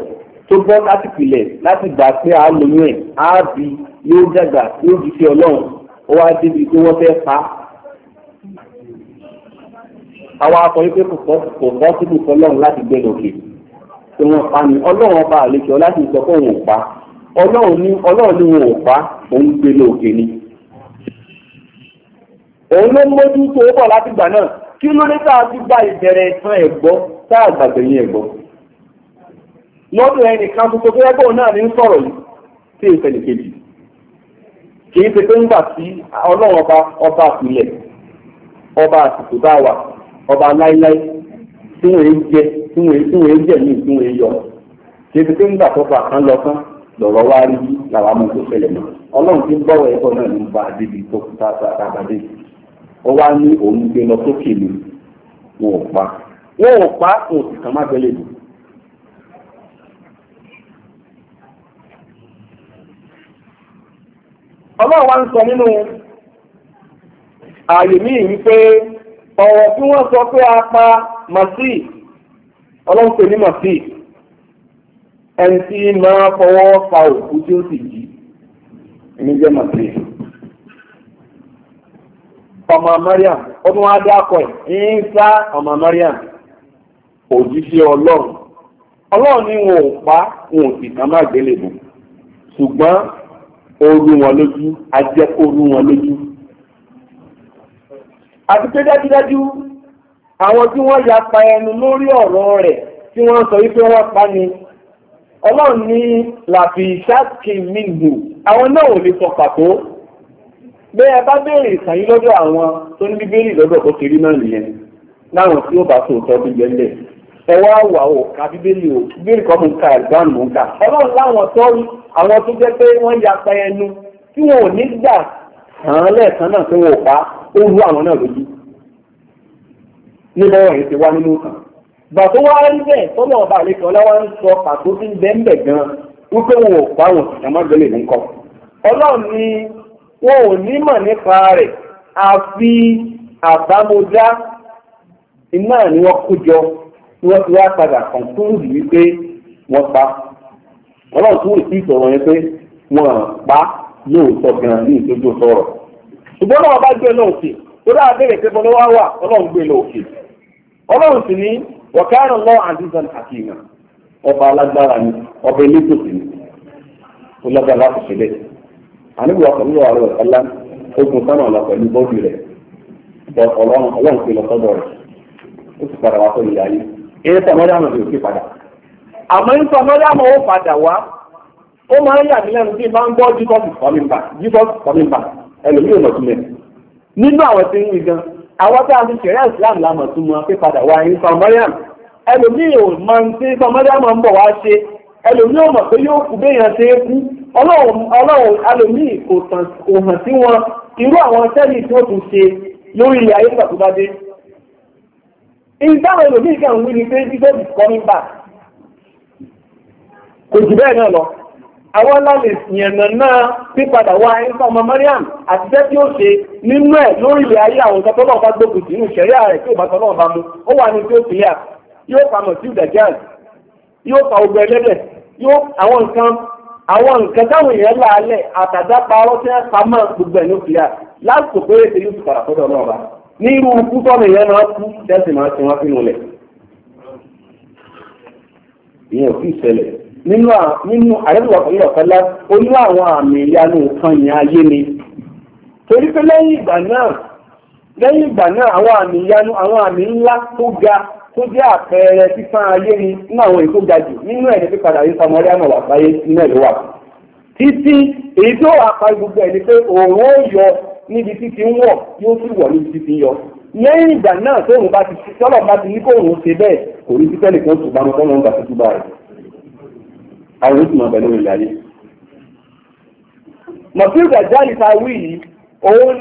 tó bọ́ láti pìlẹ̀ láti gbà pé a lóyún ẹ̀ á bí yóò dàgbà yóò di sí ọlọ́run ó wá débi pé wọ́n fẹ́ pa á. àwa sọ wípé kò bọ́ síbùkọ́ lọ́run láti gbẹ́ lókè. tí wọ́n pa ni ọlọ́run ọba àlejò láti sọ pé òun ò pa ọlọ́run ní ọlọ́run ní òun ò pa ni. òun ló mójú tó bọ̀ láti gbà náà kí ló dé tá a ti gba ìbẹ̀rẹ̀ ìtàn ẹ̀gbọ́ tá a gbàgbé yín ẹnìkan tuntun tó náà ní sọ̀rọ̀ yìí kejì kì í ṣe pé ọba ọba àpilẹ̀ ọba àsìkò bá ọba láíláí tí wọ́n ń jẹ́ tí wọ́n ń jẹ̀ míì yọ ṣètò pé nígbà tó fà kán lọ tán lọ̀rọ̀ wá rí làwọn amú tó ṣẹlẹ̀ mọ́ ọlọ́run ti ń bọ̀wọ̀ ẹ̀kọ́ náà ní débi tó ta pa wọn pa wọn ò sì kàn nínú àyè míì wípé ọ̀rọ̀ tí wọ́n sọ pé a pa màsíì ọlọ́run pè ní màsí ẹni tí máa fọwọ́ fa òkú tí ó sì jí ẹni jẹ́ màsí ọmọ Mariam ọdún adé akọ ẹ̀ ń sá ọmọ Mariam òjíṣẹ́ ọlọ́run ọlọ́run ni wọn ò pa wọn ò sì kàn má gbélébù ṣùgbọ́n ooru wọn lójú ajẹ́kọ̀ọ́rú wọn lójú àti pé dájúdájú àwọn tí wọ́n ya pa ẹnu lórí ọ̀rọ̀ rẹ̀ tí wọ́n sọ wípé wọ́n pa ni ọlọ́run ní làfi ṣáàkì mìlù àwọn náà ò lè sọ pàtó bí ẹ bá béèrè ìsàyí lọ́dọ̀ àwọn tó ní bíbélì lọ́dọ̀ tó kiri náà nìyẹn láwọn tí ó bá tó tọ́ bí gbẹ́lẹ̀ ẹ wá wà ó ka bíbélì ó bíbélì kan mú ká ẹ̀gbọ́n mú ká ọlọ́run láwọn tó àwọn tó jẹ́ pé wọ́n ya pa ẹnu tí wọn ò ní gbà hàn lẹ́ẹ̀kan náà tó wọ́n pa ó rú àwọn náà lójú níbọ̀ rẹ̀ ti wá nínú kan. Gbà tó wá rí bẹ́ẹ̀ tọ́lọ̀ ọba àlejò ọlá wa ń sọ pàtó tí ń bẹ́ ń bẹ̀ gan wípé wọn ò pa wọn ìjàmọ́ gbélé ní kọ́. Ọlọ́run ni wọn ò ní mọ̀ nípa rẹ̀ àfi àbámọ́já iná ni wọ́n kó jọ tí wọ́n ti wá padà kàn tó rù wípé wọ́n pa. Ọlọ́run tún ìsí ìsọ̀rọ̀ yẹn pé wọ́n pa lóòótọ́ gan ní ìtọ́jú sọ̀rọ̀. Ṣùgbọ́n náà wọ́n bá gbé Ọlọ́run ọlọ́run sì ní wọ̀kárọ̀ lọ́wọ́ àdìsàn àti ìmọ̀ ọba alágbára ni ọba elétò sí ni ó lágbára láti ṣe bẹ́ẹ̀. àníwò àkànlò àrò ọ̀kọ́lá ogun sánà lọ pẹ̀lú bọ́ọ̀lù rẹ̀ ọlọ́run ọlọ́run pè lọ sọ́dọ̀ rẹ̀ ó sì padà wá sórí ayé eré tọ́mọ́dé àmọ̀ yóò fi padà. àmọ́ ní tọ́mọ́dé àmọ̀ ó padà wá ó máa ń yà mí lẹ́nu bí máa ń gbọ́ Jesus Jesus ẹlòmíràn àwọn tó àti ṣẹ̀rẹ́ islam lámọ̀ tún mọ́ pé padà wá ní sọmọ́yàm ẹlòmí ò mọ̀ tí sọmọ́yàm ń bọ̀ wá ṣe ẹlòmí ò mọ̀ pé yóò kú béèyàn ṣe é kú ọlọ́run ẹlòmí kò hàn sí wọn irú àwọn sẹ́lì tó tún ṣe lórí ilẹ̀ ayé pàtó bá dé. ìdáhùn ẹlòmí kan wí ni pé is coming back kò jù bẹ́ẹ̀ náà àwọn lálẹ́ ìyẹ̀nà náà pípadà wá ẹ̀ńfà ọmọ Mariam àti jẹ́ tí ó ṣe nínú ẹ̀ lórí ilẹ̀ ayé àwọn ọ̀gá tọ́lọ́ bá gbógun sí inú ìṣẹ̀rí ààrẹ tí òbá tọ́lọ́ bá ó wà ní tí ó fi yà yóò fa mọ̀sí ìdàjáàz yóò fa ogun ẹlẹ́dẹ̀ yóò àwọn nǹkan àwọn nǹkan táwọn èèyàn àtàdá tí wọ́n pa mọ́ gbogbo nínú àrẹ́lọ́pọ̀lọ́pọ̀lá ó ní àwọn àmì ìyanu ayé ni torí pé lẹ́yìn ìgbà náà lẹ́yìn ìgbà náà àwọn àmì ìyanu àwọn àmì ńlá tó ga tó jẹ́ àpẹẹrẹ sísan ayé ni nínú àwọn èyí tó ga jù nínú ẹ̀dẹ́ pípadà yìí samọ́rí àmọ̀ wà sáyé nínú ẹ̀dẹ́ wà títí èyí tó wà ẹ̀ pé òun ó yọ níbi àwọn oṣù mọ̀ pẹ̀lú ìlàyé. mọ̀sílù dàjáàlì ta wí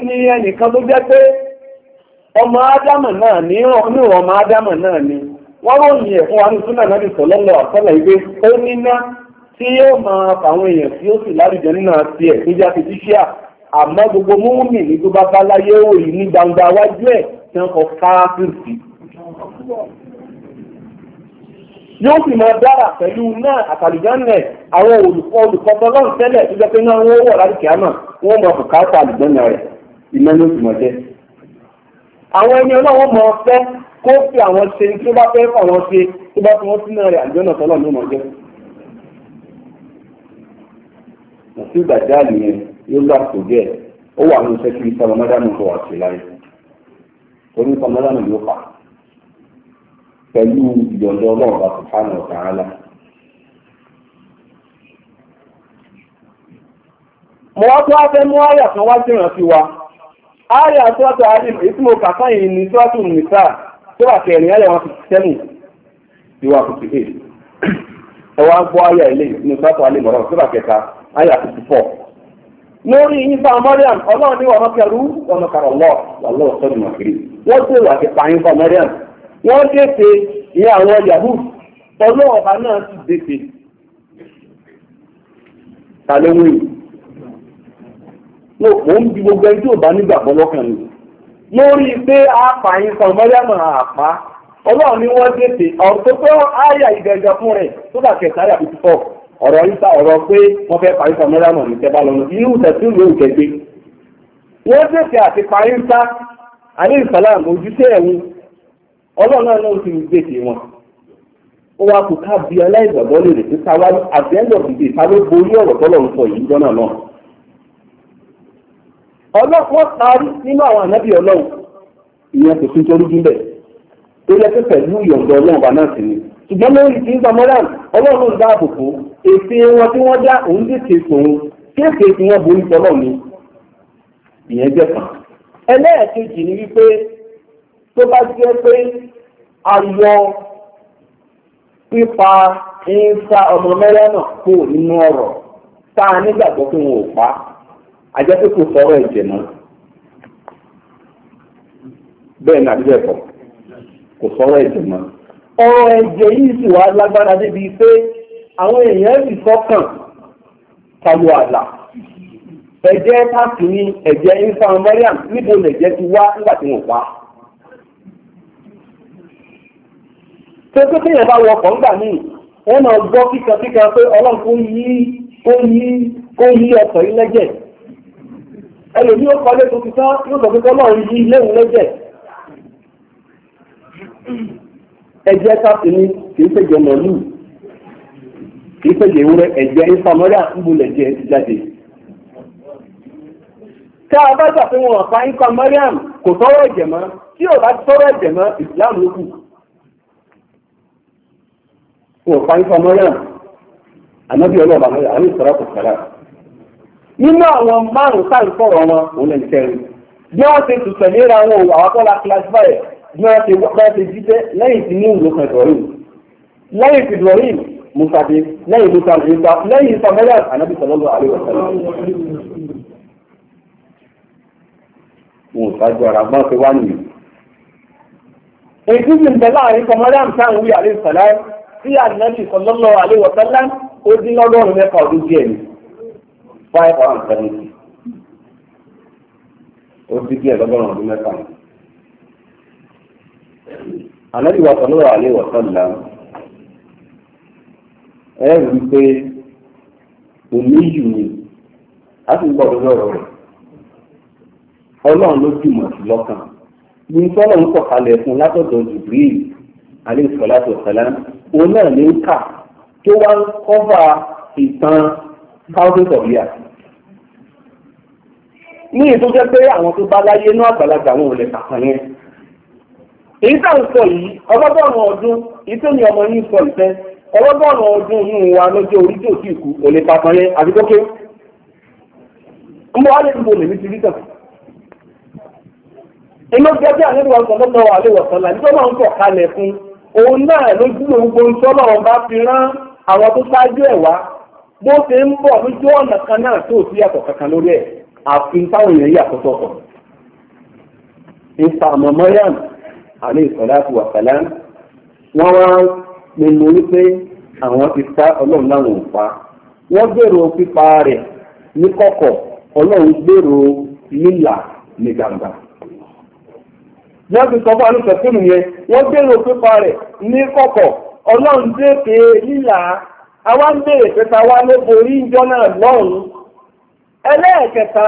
ni ẹnìkan tó jẹ́ pé ọmọ ádámà náà ní ọmọ ọmọ náà ni wọ́n ẹ̀ fún wa ní súnà náà ti sọ lọ́lọ́ àtọ́lẹ̀ ìgbé ó níná tí yóò máa fàwọn èèyàn tí ó sì lárújẹ nínú àti ẹ̀ níjà ti gbogbo múmi ní tó bá bá ní gbangba wájú ẹ̀ tí wọ́n kọ yóò sì máa dára pẹ̀lú náà àtàlùjánlẹ̀ àwọn olùkọ́ olùkọ́ tọ́lọ́run tẹ́lẹ̀ tó jẹ́ pé náà wọ́n wọ̀ láti kíámà wọ́n mọ bùkátà àlùjánlẹ̀ rẹ̀ iná ló sì mọ̀ jẹ́. àwọn ẹni ọlọ́wọ́ fẹ́ kó fi àwọn ṣe bá fẹ́ fà wọ́n ṣe tó bá fi wọ́n sínú rẹ̀ ló jẹ́. yóò gbà ó wà ní iṣẹ́ kí pẹ̀lú ìyọ̀dọ̀ ọlọ́ọ̀bà subhanahu wa ta'ala. mo wá tó wá fẹ́ mú àyà kan wá jìnà sí wa àyà tó wá tó àdìm èyí tí mo kà fún ìní tó wá tó nìta tó wà kẹrin àyà wọn fi sẹ́mù ìwà fifty eight ẹ wá gbọ́ àyà ilé ní sọ́tò àlẹ́ mọ̀rọ̀ tó wà kẹta àyà fifty four lórí ìfà mọ́ríàm ọlọ́run ní wàhán kẹrù ọmọ kàrọ̀ lọ́ọ̀ wà lọ́ọ̀ sọ́dún mọ̀kiri wọ́n tó wà kẹta ìfà mọ́ríàm wọ́n dèpè ní àwọn yahoo ọlọ́ọ̀bá náà ti dèpè tàlẹ́wé mo ò ń bi gbogbo ẹni tí ò bá lórí pé kan ni wọ́n dèpè ọ̀rọ̀ tó tó àyà fún rẹ̀ tó bá kẹta ọ̀rọ̀ yíta ọ̀rọ̀ pé wọ́n fẹ́ kan ní tẹ̀sí ìlú wọ́n dèpè àti ìsàlámù ọlọ́run náà ló ti ń gbèsè wọn ó wá kó ká bí aláìgbàgbọ́ pé dìde ká ló borí ọ̀rọ̀ tọ́lọ́run sọ yìí lọ́nà náà ọlọ́pọ̀ parí nínú àwọn ànábì ọlọ́run ìyẹn kò tó yẹ pẹ̀lú ni ṣùgbọ́n lórí ti ń gba mọ́ràn ọlọ́run ń wọn tí wọ́n dá òun tó bá jẹ́ pé ayọ̀ pípa ìsa ọmọ mẹ́rẹ́ náà kò nínú ọ̀rọ̀ tá a nígbàgbọ́ pé wọn ò pa àjẹ́ pé kò sọ̀rọ̀ ẹ̀jẹ̀ mọ́ bẹ́ẹ̀ ni àbí bẹ́ẹ̀ kọ́ kò sọ̀rọ̀ ẹ̀jẹ̀ mọ́ ọ̀rọ̀ ẹ̀jẹ̀ yìí sì wá lágbára débi pé àwọn èèyàn sì sọ́kàn tayọ àlà ẹ̀jẹ̀ pàṣẹ ni ẹ̀jẹ̀ ìsa ọmọ mẹ́rẹ́ níbo lẹ̀jẹ̀ ti wá nígbà tí wọn pa á. tó tó kéèyàn bá wọkọ̀ ńgbà míì wọ́n náà gbọ́ kíkankíkan pé ọlọ́run kò yí kò yí kò yí ọkọ̀ lẹ́jẹ̀ ó kọlé tó ti tán yóò sọ pé ọlọ́run yí lẹ́jẹ̀ ẹ̀jẹ̀ káfí ni kì í mọ̀lú kì í ẹ̀jẹ̀ jẹ́ jáde tá a bá gbà pé wọn ọ̀pá wọn ò parí fọmọ náà ànábì ọlọ́ọ̀bà náà àmì ìsọ̀rọ̀ kò sọ̀rọ̀. nínú àwọn márùn-ún sáà ń sọ̀rọ̀ wọn òun lè kẹrin bí wọ́n ṣe tùtẹ̀ léra wọn ò àwọn tọ́lá classify bí wọ́n ṣe wọ́n ṣe jíjẹ́ lẹ́yìn tí ní ìlú kan ìdọ̀rí lẹ́yìn tí ìdọ̀rí musabe lẹ́yìn musa ìgbà lẹ́yìn sọmẹ́lẹ̀ tí ànábì sọlọ́lọ́ àléwọ̀tẹ́lá ó dín lọ́gọ́rùn-ún mẹ́fà ọdún díẹ̀ ni five hundred and seventy ó dín díẹ̀ lọ́gọ́rùn-ún ọdún mẹ́fà ni. ànábì wa sọlọ́lọ́ àléwọ̀tẹ́lá ẹ rí i pé òní yù ni a sì ń gbọ́ lórí ọ̀rọ̀ rẹ̀ ọlọ́run ló jùmọ̀ sí lọ́kàn ní sọ́lọ́ ń sọ̀kalẹ̀ fún látọ̀dọ̀ Jibril alayhi salatu wa salam òun náà ní ń kà tó wá ń kọ́fà ìtàn thousands of years. ní ètò jẹ́ pé àwọn tó bá láyé inú àgbàlagbà wọn ò lè kàkàn yẹn. èyí tá à ń sọ yìí ọgọ́gọ́rùn-ún ọdún ìtò ní ọmọ yìí sọ ìfẹ́ ọgọ́gọ́rùn-ún ọdún yìí wa lọ́jọ́ orí tí ò sí ìkú ò lè kàkàn yẹn àti kókè. ń bọ́ wálé ìdìbò lèmi ti rí tàn. inú jẹ́ bí àlejò àwọn sọ̀tọ̀ wà lè wọ̀sán là òun náà lójú gbogbo sọ́lọ̀ ọba fi rán àwọn tó ṣáájú ẹ̀ wá bó ṣe ń bọ̀ lójú ọ̀nà kan náà tó sí yàtọ̀ kankan lórí ẹ̀ àfi táwọn èèyàn yàtọ̀ sọ̀tọ̀. ìfà wọ́n wá wípé àwọn ti ọlọ́run láwọn ò pa wọ́n gbèrò pípa rẹ̀ ní kọ̀kọ̀ ọlọ́run gbèrò lílà ní wọ́n ti sọ fún alùpẹ̀kùnù yẹn wọ́n bèrè pípa rẹ̀ ní kọ̀kọ̀ ọlọ́run dèpè lílà àwa ń bèrè pípa wa ló borí ìjọ náà lọ́run ẹlẹ́ẹ̀kẹta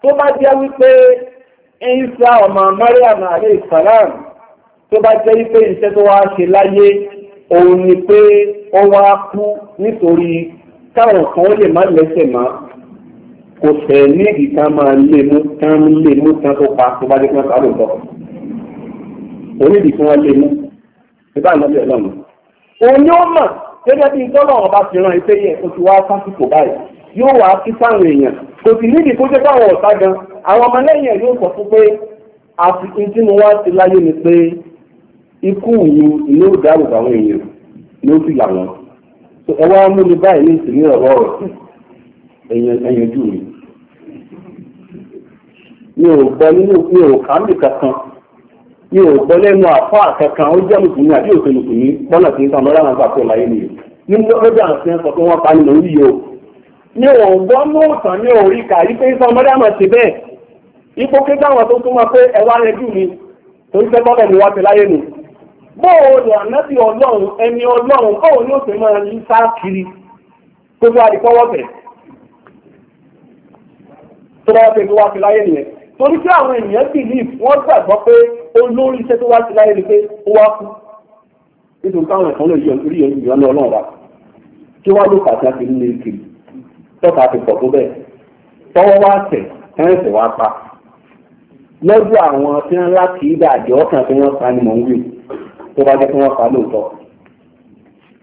tó bá jẹ́ wípé Ìsá ọmọ Mariam salam tó bá jẹ́ wípé iṣẹ́ tó wá ṣe láyé òun ni pé ó wá kú nítorí kan lè má lẹ́sẹ̀ kò fẹ́ ní máa lé mú onídìí fún wọn ṣe mú ìbá ìmọ̀tẹ́ ọlọ́run òun ni ó mọ̀ gẹ́gẹ́ bí tọ́lọ̀ ọba ti ran iṣẹ́ yẹn oṣù wa sásìkò báyìí yóò wá sí sáwọn èèyàn kò sì nídìí kó jẹ́ káwọn ọ̀tá gan àwọn ọmọ lẹ́yìn ẹ̀ yóò sọ fún pé àfikún tí mo wá sí láyé ni pé ikú òun ló dáàbò àwọn èèyàn ló sì là wọn ẹ wá mú mi báyìí ní ìsìn ní ọ̀rọ̀ ọ̀rọ̀ ẹ̀yànjú mi mi ò gbọ́ nínú mi ò kà á mì kankan mi ò gbọ́ lẹ́nu àfọ́ àkẹ́kàn ó jẹ́ mùsùlùmí àbí òfin mùsùlùmí bọ́nà tí ń tàn lọ́dà wọn pàṣẹ láyé nìyí ní lọ́dà àti ẹ̀sọ́ tó wọ́n pa nínú yìí o. mi ò gbọ́ lóòtàn ní orí kà yí pé sọ ọmọdé àmọ̀ sí bẹ́ẹ̀ ipò kí táwọn tó túmọ̀ pé ẹ wá rẹjú mi tó ń fẹ́ bọ́lẹ̀ mi wá ti láyé nù. bóòlù ànábì ọlọ́run ẹni ọlọ́run bóò torí pé àwọn èèyàn believe wọ́n gbàgbọ́ pé olórí iṣẹ́ tó wá sí láyé ni pé ó wá kú nítorí káwọn ẹ̀fọn lè yọ rí ìyọnu ọlọ́run wa kí wọ́n ló pàṣẹ àti nílé kiri tọ́ka ti pọ̀ tó bẹ́ẹ̀ tọ́wọ́ wá tẹ̀ ẹ̀rẹ́sẹ̀ wá pa lọ́jọ́ àwọn tí wọ́n láti ibà àjọ kan tí wọ́n pa ni mò ń wí tó bá jẹ́ kí wọ́n pa lóòótọ́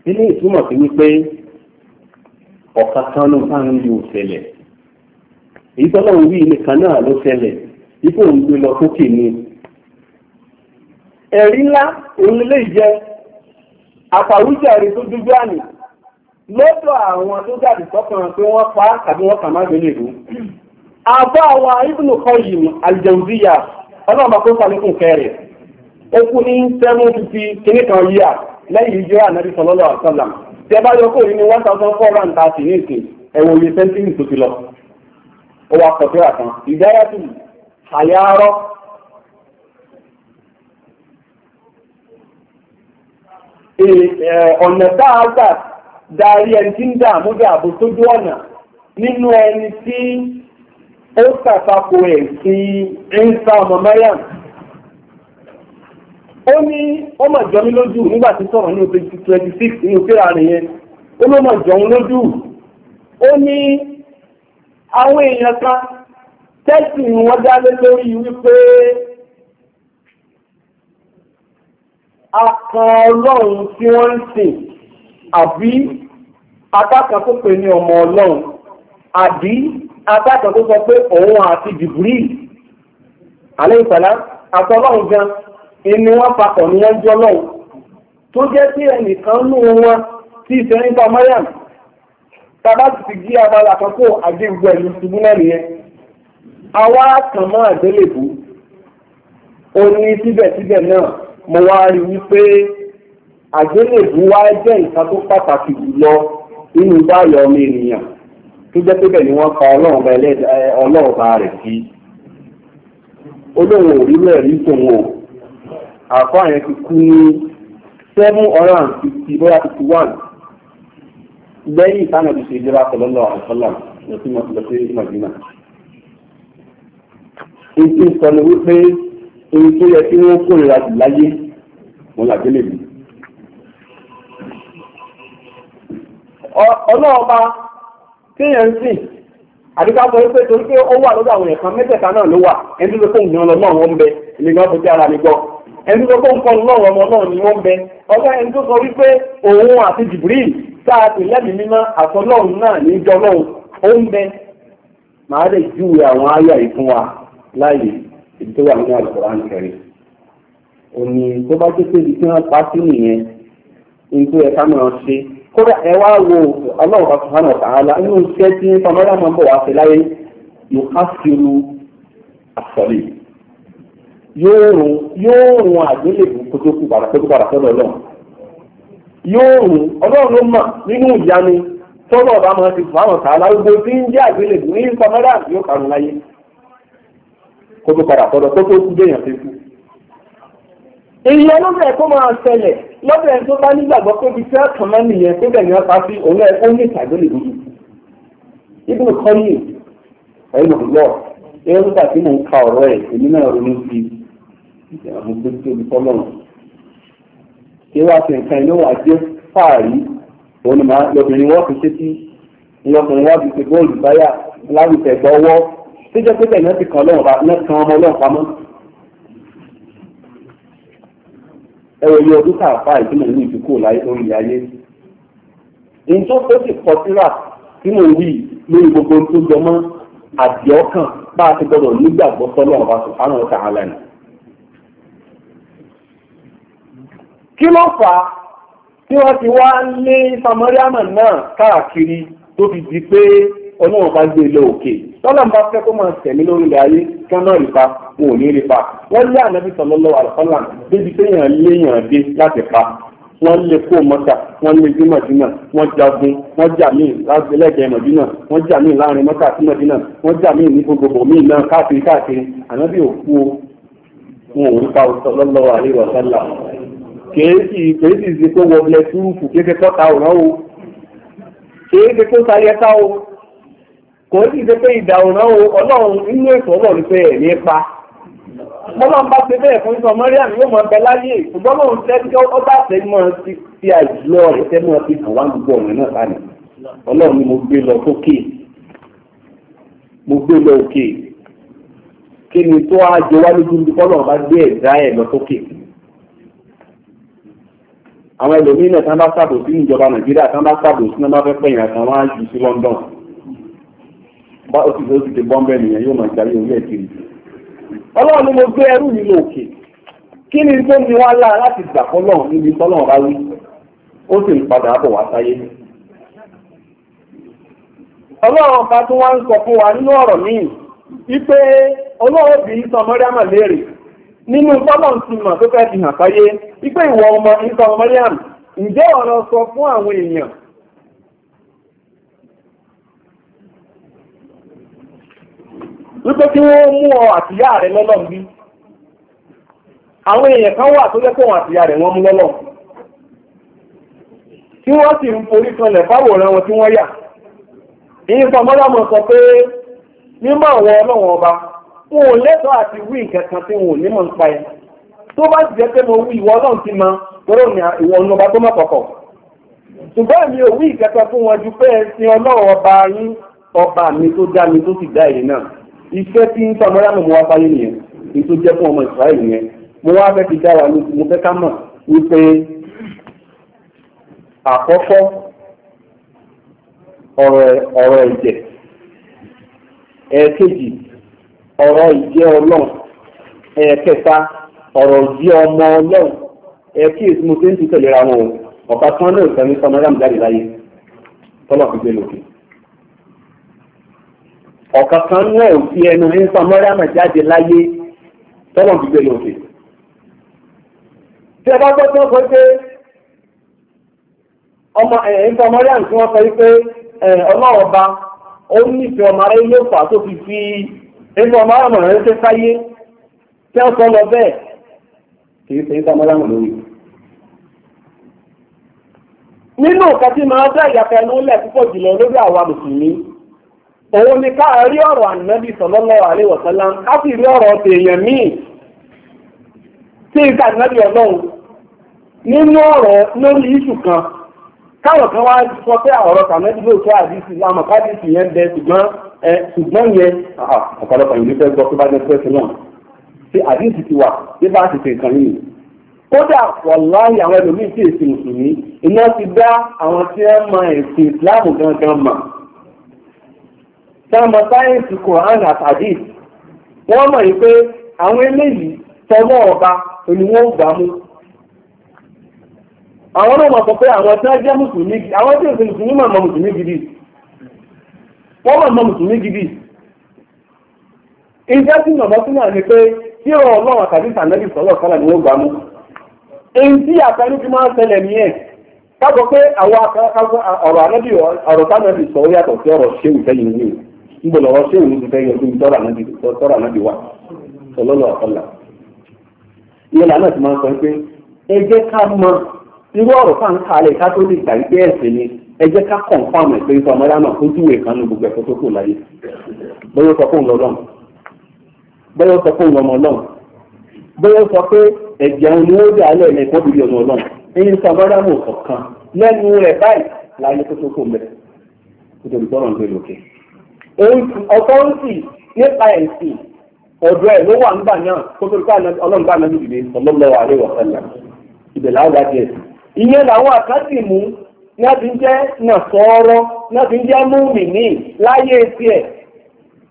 ilé ìtumọ̀ sí wípé ọ̀kan kan ló ń bá ń lu òṣèlè èyí tọ́lọ́run wí nìkan náà ló ṣẹlẹ̀ ipò ń lọ sókè ni ẹ̀rí ńlá òun lè jẹ àfàwújàre tó dúdú àmì lọ́dọ̀ àwọn tó jáde sọ́kàn pé wọ́n pa tàbí wọ́n kà má gbélé rú àbá wa ibùnú kan yìí àlìjẹ̀wùdíyà ọlọ́run bá kó sálẹ́kùn kẹrẹ̀ ó kú ní seven fifty kìíní kan yíà lẹ́yìn ìjọ ànábì sọlọ́lọ́ àṣọlá tí ẹ bá yọ kó ní one thousand four hundred and thirty ní ìsìn ẹ̀wọ̀n oyè sẹ́ńtírì tó ti lọ. ó wá sọ síra kan ìdáyà tù ọ̀nà dáadáa darí ẹni tí ń dààmú dààbò sójú ọ̀nà nínú ẹni tí ó sàtakò ẹ̀ sí ẹ̀ńsà ọmọ mẹ́rìn ó ní ó jọ mí lójú nígbà tí sọ̀rọ̀ ní oṣù twenty six ní àárín yẹn ó ló lójú ó àwọn èèyàn kan tẹ́sì ni wọ́n dá lé lórí wípé akan ọlọ́run tí wọ́n ń sìn àbí akákan tó pè ní ọmọ ọlọ́run àbí akákan tó sọ pé òun àti jìbìrì alẹ́ ìsàlá àtọ́lọ́run gan ni wọ́n papọ̀ ní wọ́n jọ́ lọ́run tó jẹ́ sí ẹnìkan nù wọn tí ìfẹ́ nípa Mariam tàbá ti ti gí abala àkọ́kọ́ àdé gbogbo ẹ̀lú ṣubú náà nìyẹn àwa kàn mọ́ àgbélébù ó ní síbẹ̀síbẹ̀ náà mo wá rí wípé àgbélébù wá jẹ́ nǹkan tó pàtàkì jùlọ nínú báyọ̀ ọmọ ènìyàn tó jẹ́ pé bẹ́ẹ̀ ni wọ́n pa ọlọ́run bá rẹ̀ sí olóhùn òrílẹ̀ rí tòun o àkọ́ àyẹn ti kú ní seven hundred and fifty bóyá fifty one. lẹ́yìn táwọn ti ṣe ìjọba pẹ̀lọ́lọ́ àìsọ́là lọ sí sí wípé tó yẹ kí wọ́n jù láyé wọn làgbé lè Ọlọ́ọ̀ba kéèyàn sìn àdúgbò wípé torí pé ó wà lọ́dọ̀ àwọn ẹ̀kan mẹ́tẹ̀ẹ̀ta náà ló wà ẹni tó ẹni tó kọ́ lọ́wọ́ ọmọ náà ni wọ́n bẹ ọgá sọ wípé òun àti Jibril tá a lẹ́mìí mímọ́ àtọ́lọ́run náà ní ìjọ lọ́hùn lè júwe àwọn àyà ìfún wa láàyè ibi tó wà nínú al tó bá tó tí wọ́n pa sí nìyẹn ní tó yẹ ká máa ṣe kódà ẹ wá wo yóò rún yóò rún àgbélébù kótókù padà sọ́dọ̀ yóò rún ọlọ́run ló nínú ìyanu tọ́lọ̀ ọba máa ti fún sàálà gbogbo tí ń jẹ́ àgbélébù ní ìfọmọ́dà yóò karùn láyé sọ́dọ̀ kú. ìyẹn lọ́bẹ̀ tó máa ṣẹlẹ̀ lọ́bẹ̀ tó bá nígbàgbọ́ pé ní sí òun mo gbé tóbi fọlọ́run ṣé wàá fi nǹkan inú wa jẹ́ fàárí òun ni màá lọ́bìnrin wọ́n fi ṣétí lọ́kùnrin wọ́n fi ṣe bọ́ọ̀lù báyà láwùjọ ẹ̀gbọ́ ọwọ́ síjọ́ pé tẹ̀yìn ti kàn lọ́wọ́ náà kan ọmọ ọlọ́run pamọ́. ẹ wò yẹ ọdún káàpá ìdúnà ní ìdíkò láyé orí ayé. ìjọ tó sì kọ síra tí mo wí lórí gbogbo tó jọ mọ́ àdìọ́kàn bá a ti gbọdọ̀ nígbàgbọ́ sọ́lọ́run bá sùn fáwọn ọ̀tá àlàyé. kí ló fà á tí wọ́n ti wá lé samariama náà káàkiri tó fi di pé ọlọ́run bá gbé lọ òkè lọ́la bá fẹ́ kó máa tẹ̀mí lórí ilẹ̀ ayé kí wọ́n náà rí pa wọn ò ní rí pa wọ́n lé ànábì sallallahu alaihi wasallam débi pé èèyàn lé èèyàn dé láti pa wọ́n lé kó mọ́ta wọ́n lé dé mọ̀dínà wọ́n jagun wọ́n jà míì lẹ́gbẹ̀ẹ́ mọ̀dínà wọ́n jà míì láàrin mọ́ta sí mọ̀dínà wọ́n jà míì ní gbogbo míì náà káàkiri káàkiri ànábì òkú wọn ò rí pa sallallahu alaihi wasallam kèésì kèésì ṣe pé wọlé túrùfù kéṣe kọ́ta òrán o kèéṣe kó sayẹta o kèésì ṣe pé ìdà òrán o ọlọ́run nínú ètò ọlọ́run pé ẹ̀ ní pa ọlọ́run bá ṣe bẹ́ẹ̀ fún ìtàn mọ́ríà yóò mọ ọbẹ̀ láyé ṣùgbọ́n lóun tẹ́jọ́ ó bá tẹ́ mọ́ ti ti àjùlọ rẹ̀ tẹ́ mọ́ ti kàn wá gbogbo ọ̀nà náà sáni ọlọ́run ni mo gbé lọ sókè mo gbé lọ òkè kí ni tó á jẹ wá lójú ibi kọ́lọ́run bá gbé ẹ̀dá ẹ̀ lọ sókè àwọn ẹlòmíín náà tán bá sàbò sí ìjọba nàìjíríà tán bá sàbò sí náà bá fẹ́ pẹ̀yìn àtàn wọn á jù sí London bá ó ti lóṣù ti bọ́m̀bẹ́ nìyẹn yóò máa jáde orílẹ̀ kiri ọlọ́run ni mo gbé ẹrú yìí lókè kí ni tó ní wá lára láti gbà fọlọ́run níbi tọ́lọ́run bá wí ó sì ń padà bọ̀ wá sáyé ọlọ́run bá tún wá ń sọ fún wa nínú ọ̀rọ̀ míì wípé ọlọ́run bí nínú tọ́lọ̀ ti mọ̀ tó fẹ́ fi hàn fáyé wípé ìwọ ọmọ nǹkan Mariam ǹjẹ́ sọ fún àwọn èèyàn wípé kí wọ́n mú ọ àtìyá rẹ̀ lọ́lọ́m bí àwọn èèyàn kan wà tó jẹ́ pé wọn àtìyá rẹ̀ wọ́n mú lọ́lọ́m tí wọ́n sì ń forí kanlẹ̀ fáwòrán wọn tí wọ́n yà sọ pé mímọ̀ àwọn ọlọ́wọ́n ọba wọn ò lẹ́tọ̀ọ́ àti wí nǹkan kan tí wọn ò ní mọ̀ nípa ẹ̀ tó bá jẹ́ pé mo wí ìwọ náà ti mọ tọ́rọ ní ìwọ ọ̀nà ọba tó mọ̀ kọ̀kọ̀ ṣùgbọ́n mi ò wí ìkẹta fún wọn ju pé ẹsìn ọlọ́run ọba yín ọba mi tó dá mi tó sì dá èyí náà iṣẹ́ tí ń sọmọ́lá mi mo wá fáyé nìyẹn ní tó jẹ́ fún ọmọ ìsirayé nìyẹn mo wá fẹ́ fi dá wa lójú mo fẹ́ ká mọ̀ wípé àkọ́kọ́ ọ̀rọ̀ ẹ̀jẹ̀ ẹ̀ẹ́kejì ọ̀rọ̀ ìjẹ́ ọlọ́run ẹ̀ẹ̀kẹta ọ̀rọ̀ ìjẹ́ ọmọ ọlọ́run ẹ̀ẹ́kí èsì mo ti ń tẹ̀lé ra wọn ọ̀pá tí wọ́n lè fẹ́ mi sọmọ yàmù jáde láyé tọ́lọ̀ fi gbé e lòkè. ọ̀kà kan náà ò fi ẹnu ń sọmọ yàmù jáde láyé tọ́lọ̀ fi gbé e lòkè. tí ẹ bá gbọ́ tí wọ́n sọ pé ọmọ ẹ̀yìn sọmọ yàmù tí wọ́n sọ pé ọlọ́ọ̀ba ó nífẹ̀ẹ́ ọmọ aráyé ló fà tó fi fi inú ọmọ àwọn ọmọ rẹ ṣe sáyé tí wọ́n sọ lọ bẹ́ẹ̀ kì í ṣe é sọmọ láwọn lórí. nínú nǹkan tí máa bẹ́ ìyàtọ̀ ẹnu lẹ̀ púpọ̀ jùlọ lórí àwa mùsùlùmí òun ni ká rí ọ̀rọ̀ ká sì rí kan. káwọn kan wá sọ pé ọ̀rọ̀ tàmẹ́bí ló tó àdìsí àmọ́ kádìsí yẹn bẹ ṣùgbọ́n ẹ ṣùgbọ́n yẹn ọ̀pọ̀lọpọ̀ ìlú fẹ́ gbọ́ tó bá jẹ́ pẹ́ẹ́sì náà ṣe àdìsí ti wà bí bá ti ṣe nǹkan yìí kódà wàláhì àwọn ẹlòmíì tí èsì mùsùlùmí iná ti dá àwọn tí ẹ mọ ẹ̀sìn ìsìláàmù gangan mọ̀ sọmọ sáyẹ́ǹsì koran àtàdé wọ́n mọ̀ yìí pé àwọn eléyìí tọwọ́ ọba òní wọ́n gbà mú àwọn náà máa sọ pé àwọn tí wọ́n jẹ́ mùsùlùmí gidi àwọn tí òsè mùsùlùmí máa mọ mùsùlùmí gidi wọ́n máa mọ mùsùlùmí gidi ìjẹ́ tí nàbọ́ sí náà ni pé tí ọ̀rọ̀ ọlọ́run àtàbí ni wọ́n gbà mú èyí tí àtàrí máa ń ní ẹ̀ kábọ̀ pé àwọn ọ̀rọ̀ sọ yàtọ̀ sí ọ̀rọ̀ ní irú ọ̀rọ̀ fáà ń ta alẹ́ ká tó lè ni ẹ jẹ́ ká pé ìfọ̀ náà kan gbogbo ẹ̀kọ́ tó kù láyé bóyá sọ fóun lọ́lọ́run bóyá sọ fóun lọ́mọ ọlọ́run bóyá sọ pé ẹ̀jẹ̀ òun ni ó dé alẹ́ ẹ̀mẹ́ kọ́bí ọmọ ọlọ́run ẹ̀yin sọ ọmọdé náà kọ̀ọ̀kan lẹ́nu rẹ̀ báyìí láyé tó tó kù mẹ́ e ẹ̀ ló wà náà kó ìyẹn làwọn àkáàtì mú náà fi ń jẹ́ nàfọ́ọ́rọ́ náà fi ń jẹ́ múmi ní láyé tiẹ̀